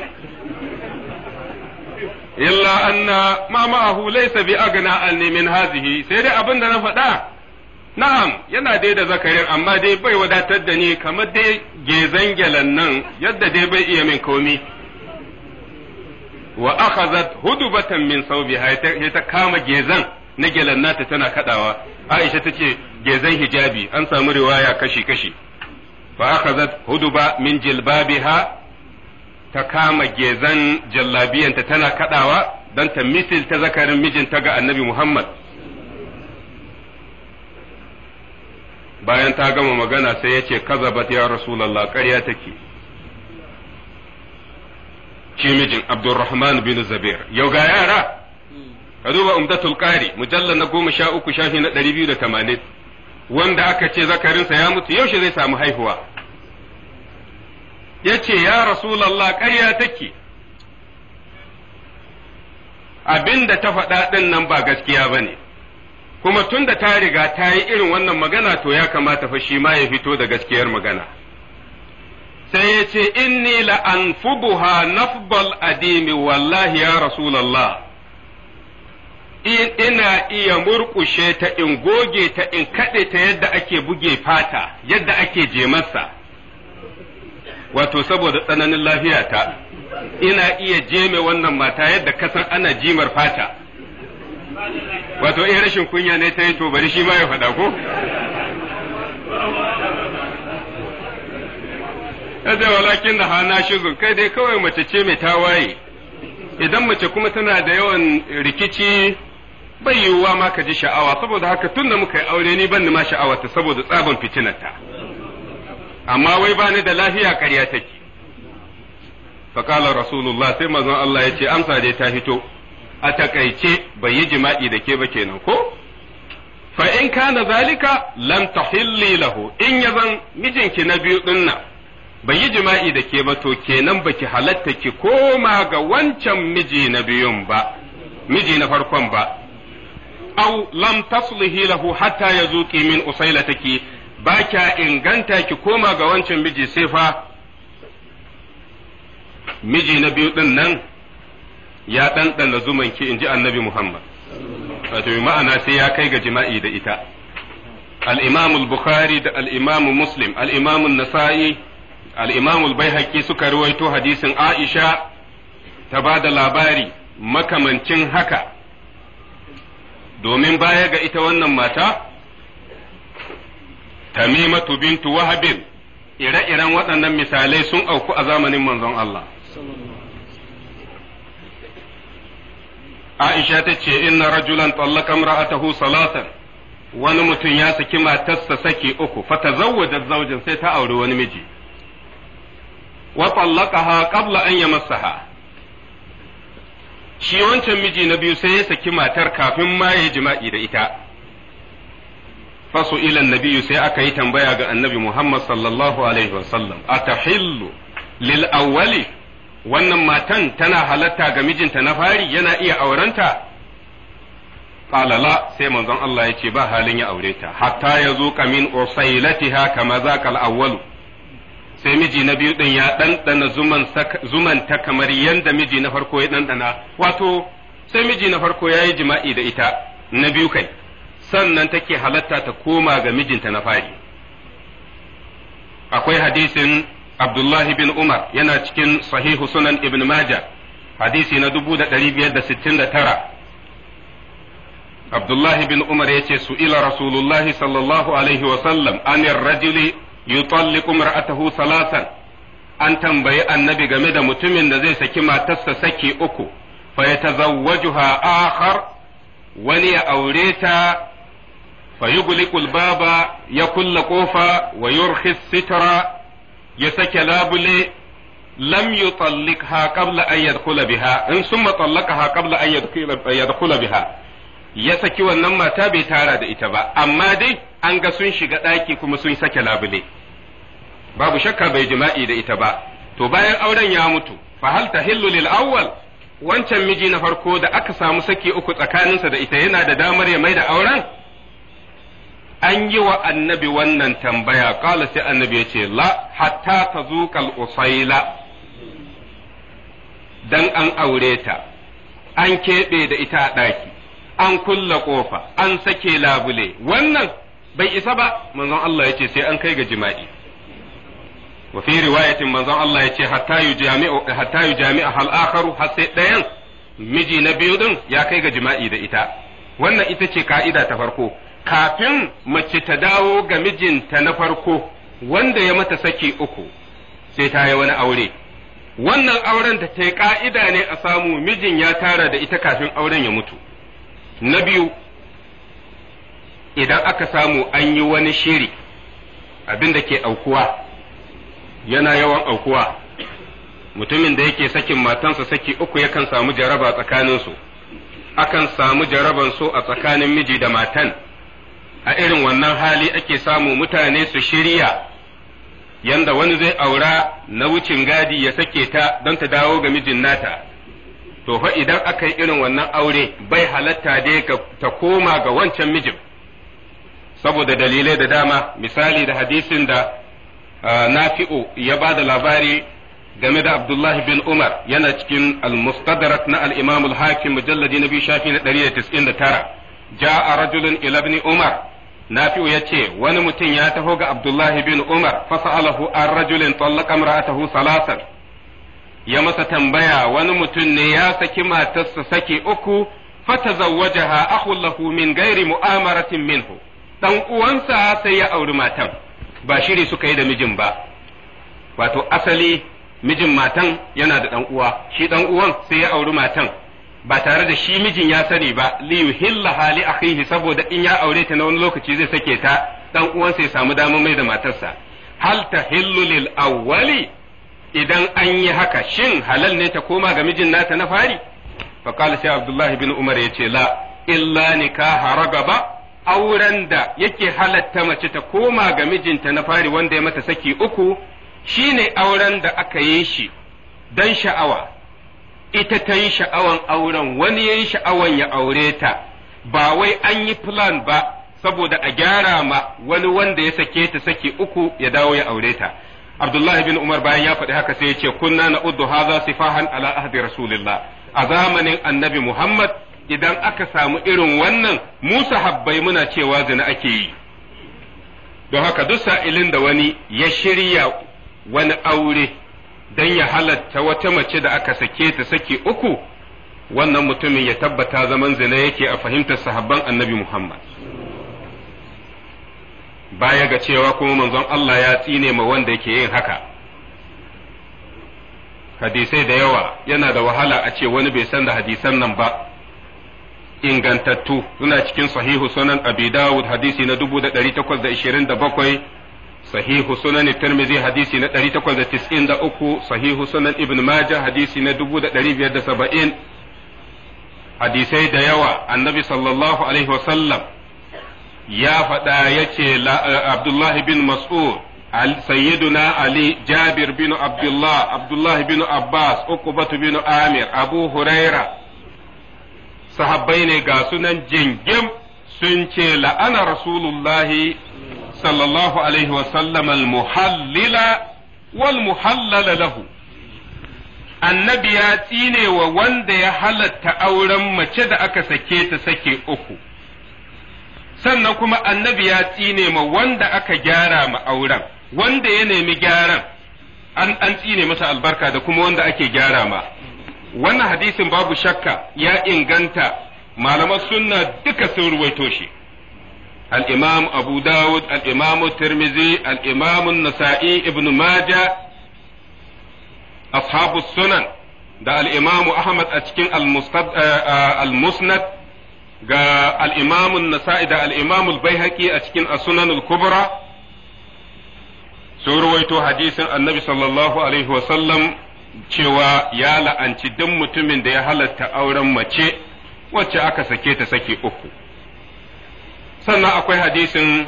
illa anna ma ma'ahu laysa bi agna anni min hazihi sai dai abin da na faɗa na'am yana dai da zakarin amma dai bai wadatar da ni kamar dai gezan gelan nan yadda dai bai iya min komi wa akhazat hudubatan min sawbiha ta kama gezan na gelan nata tana kadawa Aisha tace gezan hijabi an samu riwaya kashi kashi fa akhadhat huduba min jilbabiha ta kama gezan jallabiyanta tana kadawa don ta misil ta zakarin mijinta ga annabi Muhammad bayan ta gama magana sai ya ce kazabat ya rasulallah ƙarya take shi mijin abdurrahman bin Zubair yau ga yara ka duba umdatul qari mujallal na goma sha uku shafi na ɗari biyu da tamanin wanda aka ce zakarinsa ya mutu yaushe zai samu haihuwa ya ce ya rasulallah ƙarya take abin da ta faɗa ɗin nan ba gaskiya ba ne kuma tun da ta riga ta yi irin wannan magana to ya kamata fa shi ma ya fito da gaskiyar magana sai ya ce inni la anfubuha nafbal adimi wallahi ya rasulallah ina iya murƙushe ta in goge ta in kaɗe ta yadda ake buge fata yadda ake jemarsa wato saboda tsananin lafiyata ina iya jeme wannan mata yadda kasan ana jimar fata wato in rashin kunya ne ta yi to bari shi ma ya faɗa ko Ade walakin da hana shi kai dai kawai mace ce mai tawaye idan mace kuma tana da yawan rikici bai yiwuwa ma ka ji sha'awa saboda haka tun da muka yi aure ni ban ni ma sha'awa ta saboda tsaban fitinarta amma wai ba ni da lafiya ƙarya take fakala rasulullah sai mazan Allah ya ce amsa dai ta fito a takaice bai yi jima'i da ke ba kenan ko fa in kana zalika lam tahilli lahu in ya zan mijinki na biyu nan, bai yi jima'i da ke ba to kenan baki halatta ki koma ga wancan miji na biyun ba miji na farkon ba Au lam taslihi lahu hatta yazuqi min usailataki ba kya inganta ki koma ga wancan miji sai fa miji na biyu din nan ya ɗanɗana zuman in ji annabi Muhammad. Wato ma'ana sai ya kai ga jima'i da ita. Al'imamul Bukhari da al'imamu Muslim, al'imamun Nasa'i, al'imamul Baihaqi suka ruwaito hadisin Aisha ta ba da labari makamancin haka, domin baya ga ita wannan mata, tamimatu bintu wahabin ire-iren waɗannan misalai sun auku a zamanin manzon Allah Aisha ta ce inna rajulan tsallaka ra'atahu salatan wani mutum ya saki matarsa saki uku fata zawwaja zaujin sai ta auri wani miji wa tsallakaha qabla an yamassaha shi wancan miji na biyu sai ya saki matar kafin ma ya jima'i da ita fasu ilan nabiyu sai aka yi tambaya ga annabi Muhammad sallallahu alaihi atahillu lil awwali wannan matan tana halatta ga mijinta na fari yana iya aurenta qala la sai manzon Allah ya ce ba halin ya aure ta hatta yazo kamin usailatiha kama zakal awwalu sai miji na biyu din ya ɗanɗana zuman ta kamar yadda miji na farko ya ɗanɗana wato sai miji na farko ya yi jima'i da ita na biyu kai sannan take halatta ta koma ga mijinta na fari akwai hadisin Abdullahi bin Umar yana cikin sahihu sunan Ibn Maja hadisi na 1569 Abdullahi bin Umar ya su ila Rasulullahi sallallahu alaihi wa sallam rajuli yutalliqu mar'atahu Salasan. an tambayi annabi game da mutumin da zai saki matarsa saki uku fa yatazawwajuha akhar wani ya aure ta fa yughliqul baba ya kulla ƙofa wa yurkhis ya sake labule lam yutallikha qabla an yadkhula biha in summa tallaqaha qabla an yadkhula ya saki wannan mata bai tara da ita ba amma dai an ga sun shiga ɗaki kuma sun sake labule babu shakka bai jima'i da ita ba to bayan auren ya mutu fa hal tahillu lil awwal wancan miji na farko da aka samu saki uku tsakaninsa da ita yana da damar ya mai da auren an yi wa annabi wannan tambaya kala sai annabi ya ce la hatta ta zuƙal usaila dan an aure ta an keɓe da ita a ɗaki an kulla ƙofa an sake labule wannan bai isa ba manzon Allah ya ce sai an kai ga jima'i wa fi riwayatin manzon Allah ya ce hatta yu jami'a hal akharu har sai ɗayan miji na biyu din ya kai ga jima'i da ita wannan ita ce ka'ida ta farko kafin mace ta dawo ga mijinta na farko wanda ya mata saki uku sai ta yi wani aure wannan auren da ta yi ka'ida ne a samu mijin ya tara da ita kafin auren ya mutu na biyu idan aka samu an yi wani shiri abin da ke aukuwa yana yawan aukuwa mutumin da yake sakin matansa saki uku yakan samu jaraba tsakaninsu akan samu jaraban so a tsakanin miji da matan a irin wannan hali ake samu mutane su shirya yanda wani zai aura na wucin gadi ya sake ta don ta dawo ga mijin nata to fa idan aka yi irin wannan aure bai halatta dai ta koma ga wancan mijin saboda dalilai da dama misali da hadisin da nafi'u ya ba da labari game da Abdullahi bin Umar yana cikin al-mustadrak na al-Imam al-Hakim mujalladi na biyu shafi na 199 ja'a rajulun ila ibn Umar nafi'u ya ce wani mutum ya taho ga abdullahi bin umar fasa'alahu an rajulin tsallaka mar'atahu salasan ya masa tambaya wani mutum ne ya saki matarsa saki uku fatazawwajaha akhun lahu min gairi mu'amaratin minhu dan uwansa sai ya auri matan ba shiri suka yi da mijin ba wato asali mijin matan yana da dan uwa shi dan uwan sai ya auri matan ba tare da shi mijin ya sani ba li yuhilla hali akhihi saboda in ya aure ta na wani lokaci zai sake ta dan uwansa ya samu damar mai da matarsa hal tahillu lil awwali idan an yi haka shin halal ne ta koma ga mijin nata na fari fa qala sai abdullahi bin umar yace la illa nikaha ragaba auren da yake halatta mace ta koma ga mijinta na fari wanda ya mata saki uku shine auren da aka yi shi dan sha'awa ita ta yi sha'awan auren wani ya yi sha'awan ya aure ta ba wai an yi plan ba saboda a gyara ma wani wanda ya sake ta saki uku ya dawo ya aure ta Abdullahi bin Umar bayan ya faɗi haka sai ya ce kunna na uddu haza sifahan ala ahdi rasulillah a zamanin annabi Muhammad idan aka samu irin wannan mu sahabbai muna cewa zina ake yi don haka duk sa'ilin da wani ya shirya wani aure don ya halatta wata mace da aka sake ta saki uku wannan mutumin ya tabbata zaman zina yake a fahimtar sahabban annabi Muhammad. Baya ga cewa kuma manzon Allah ya tsine ma wanda yake yin haka. Hadisai da yawa yana da wahala a ce wani bai san da hadisan nan ba. Ingantattu suna cikin sahihu sunan Abi Dawud hadisi na 1827 sahihu sunan tirmidhi hadisi na 893 sahihu sunan ibn majah hadisi na 1570 hadisai da yawa annabi sallallahu alaihi wasallam ya faɗa ya ce abdullahi bin mas'ud sayyiduna ali jabir bin abdullah abdullahi bin abbas ukubatu bin amir abu huraira sahabbai ne ga sunan jingim sun ce la'ana rasulullahi صلى الله عليه وسلم المحلل والمحلل له annabi ya tsinewa wanda ya halatta auren mace da aka sake ta sake uku sannan kuma annabi ya tsine ma wanda aka gyara ma auren wanda ya nemi gyaran an an tsine masa albarka da kuma wanda ake gyara ma wannan hadisin babu shakka ya inganta malaman sunna duka sun ruwaito shi الإمام أبو داود الإمام الترمذي الإمام النسائي ابن ماجة أصحاب السنن ده الإمام أحمد أتكين المسند ga al'imamun nasa'i da al'imamul baihaqi a cikin asunanul kubra sun ruwaito hadisin annabi sallallahu alaihi wasallam cewa ya la'anci duk mutumin da ya halarta auren mace wacce aka sake ta saki uku sannan akwai hadisin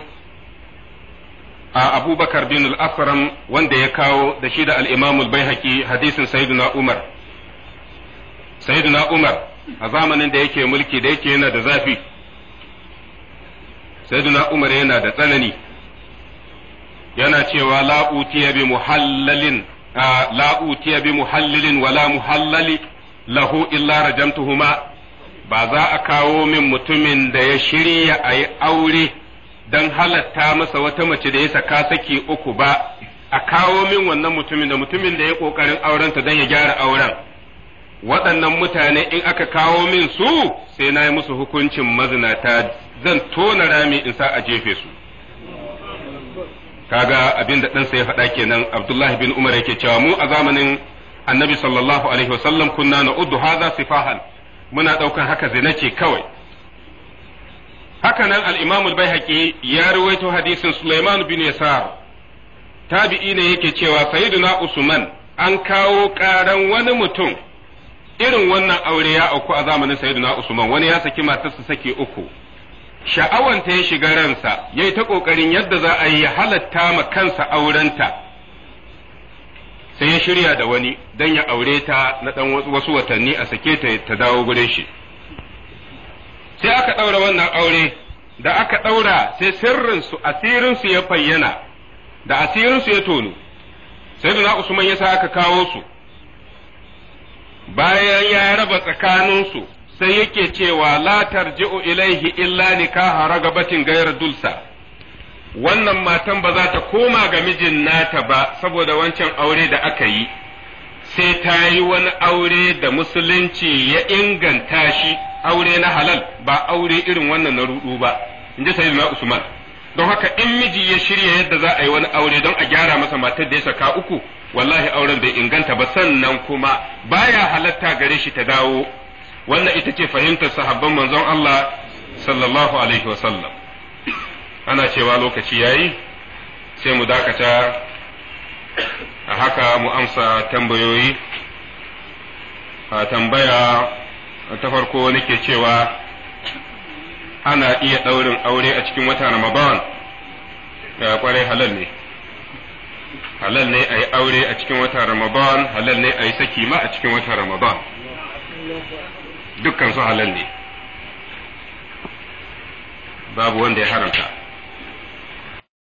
a abubakar bin al wanda ya kawo da shi da al'imamul bai hadisin sayyiduna umar sayyiduna umar a zamanin da yake mulki da yake yana da zafi sayyiduna umar yana da tsanani yana cewa la'utiya bi muhallalin la'utiya bi muhallilin wala muhallali lahu illa rajamtuhuma ba za a kawo min mutumin da ya shirya a yi aure don halatta masa wata mace da ya saka saki uku ba a kawo min wannan mutumin da mutumin da ya ƙoƙarin aurenta don ya gyara auren waɗannan mutane in aka kawo min su sai na yi musu hukuncin mazinata zan tona rami in sa a jefe su kaga abin da ɗansa ya faɗa kenan abdullahi bin umar yake cewa mu a zamanin annabi sallallahu alaihi wasallam kunna na uddu haza sifahan muna ɗaukan haka zina ce kawai hakanan nan al-Imam al ya ruwaito hadisin Sulaiman bin Yasar tabi'i ne yake cewa sayyiduna Usman an kawo ƙaran wani mutum irin wannan aure ya auku a zamanin sayyiduna Usman wani ya saki matarsa saki uku sha'awanta ya shiga ransa yayi ta kokarin yadda za a yi halatta ma kansa aurenta sai ya shirya da wani don ya aure ta na ɗan wasu watanni a sake ta ta dawo gurin shi sai aka ɗaura wannan aure da aka ɗaura sai sirrin su asirin su ya fayyana da asirin su ya tono sai da usman ya sa aka kawo su bayan ya raba tsakaninsu sai yake cewa la tarji'u ilaihi illa nikaha ragabatin gairar dulsa wannan matan ba za ta koma ga mijin nata ba saboda wancan aure da aka yi sai ta yi wani aure da musulunci ya inganta shi aure na halal ba aure irin wannan na rudu ba in ji sayyidina usman don haka in miji ya shirya yadda za a yi wani aure don a gyara masa matar da ya saka uku wallahi auren bai inganta ba sannan kuma baya halatta gare shi ta dawo wannan ita ce fahimtar sahabban manzon Allah sallallahu alaihi wasallam ana cewa lokaci yayi sai mu dakata a haka mu amsa tambayoyi a tambaya ta farko nake cewa ana iya ɗaurin aure a cikin wata Ya kwarai halal ne halal ne a yi aure a cikin wata ramadan halal ne a yi saki ma a cikin wata ramadan dukkan su halal ne babu wanda ya haramta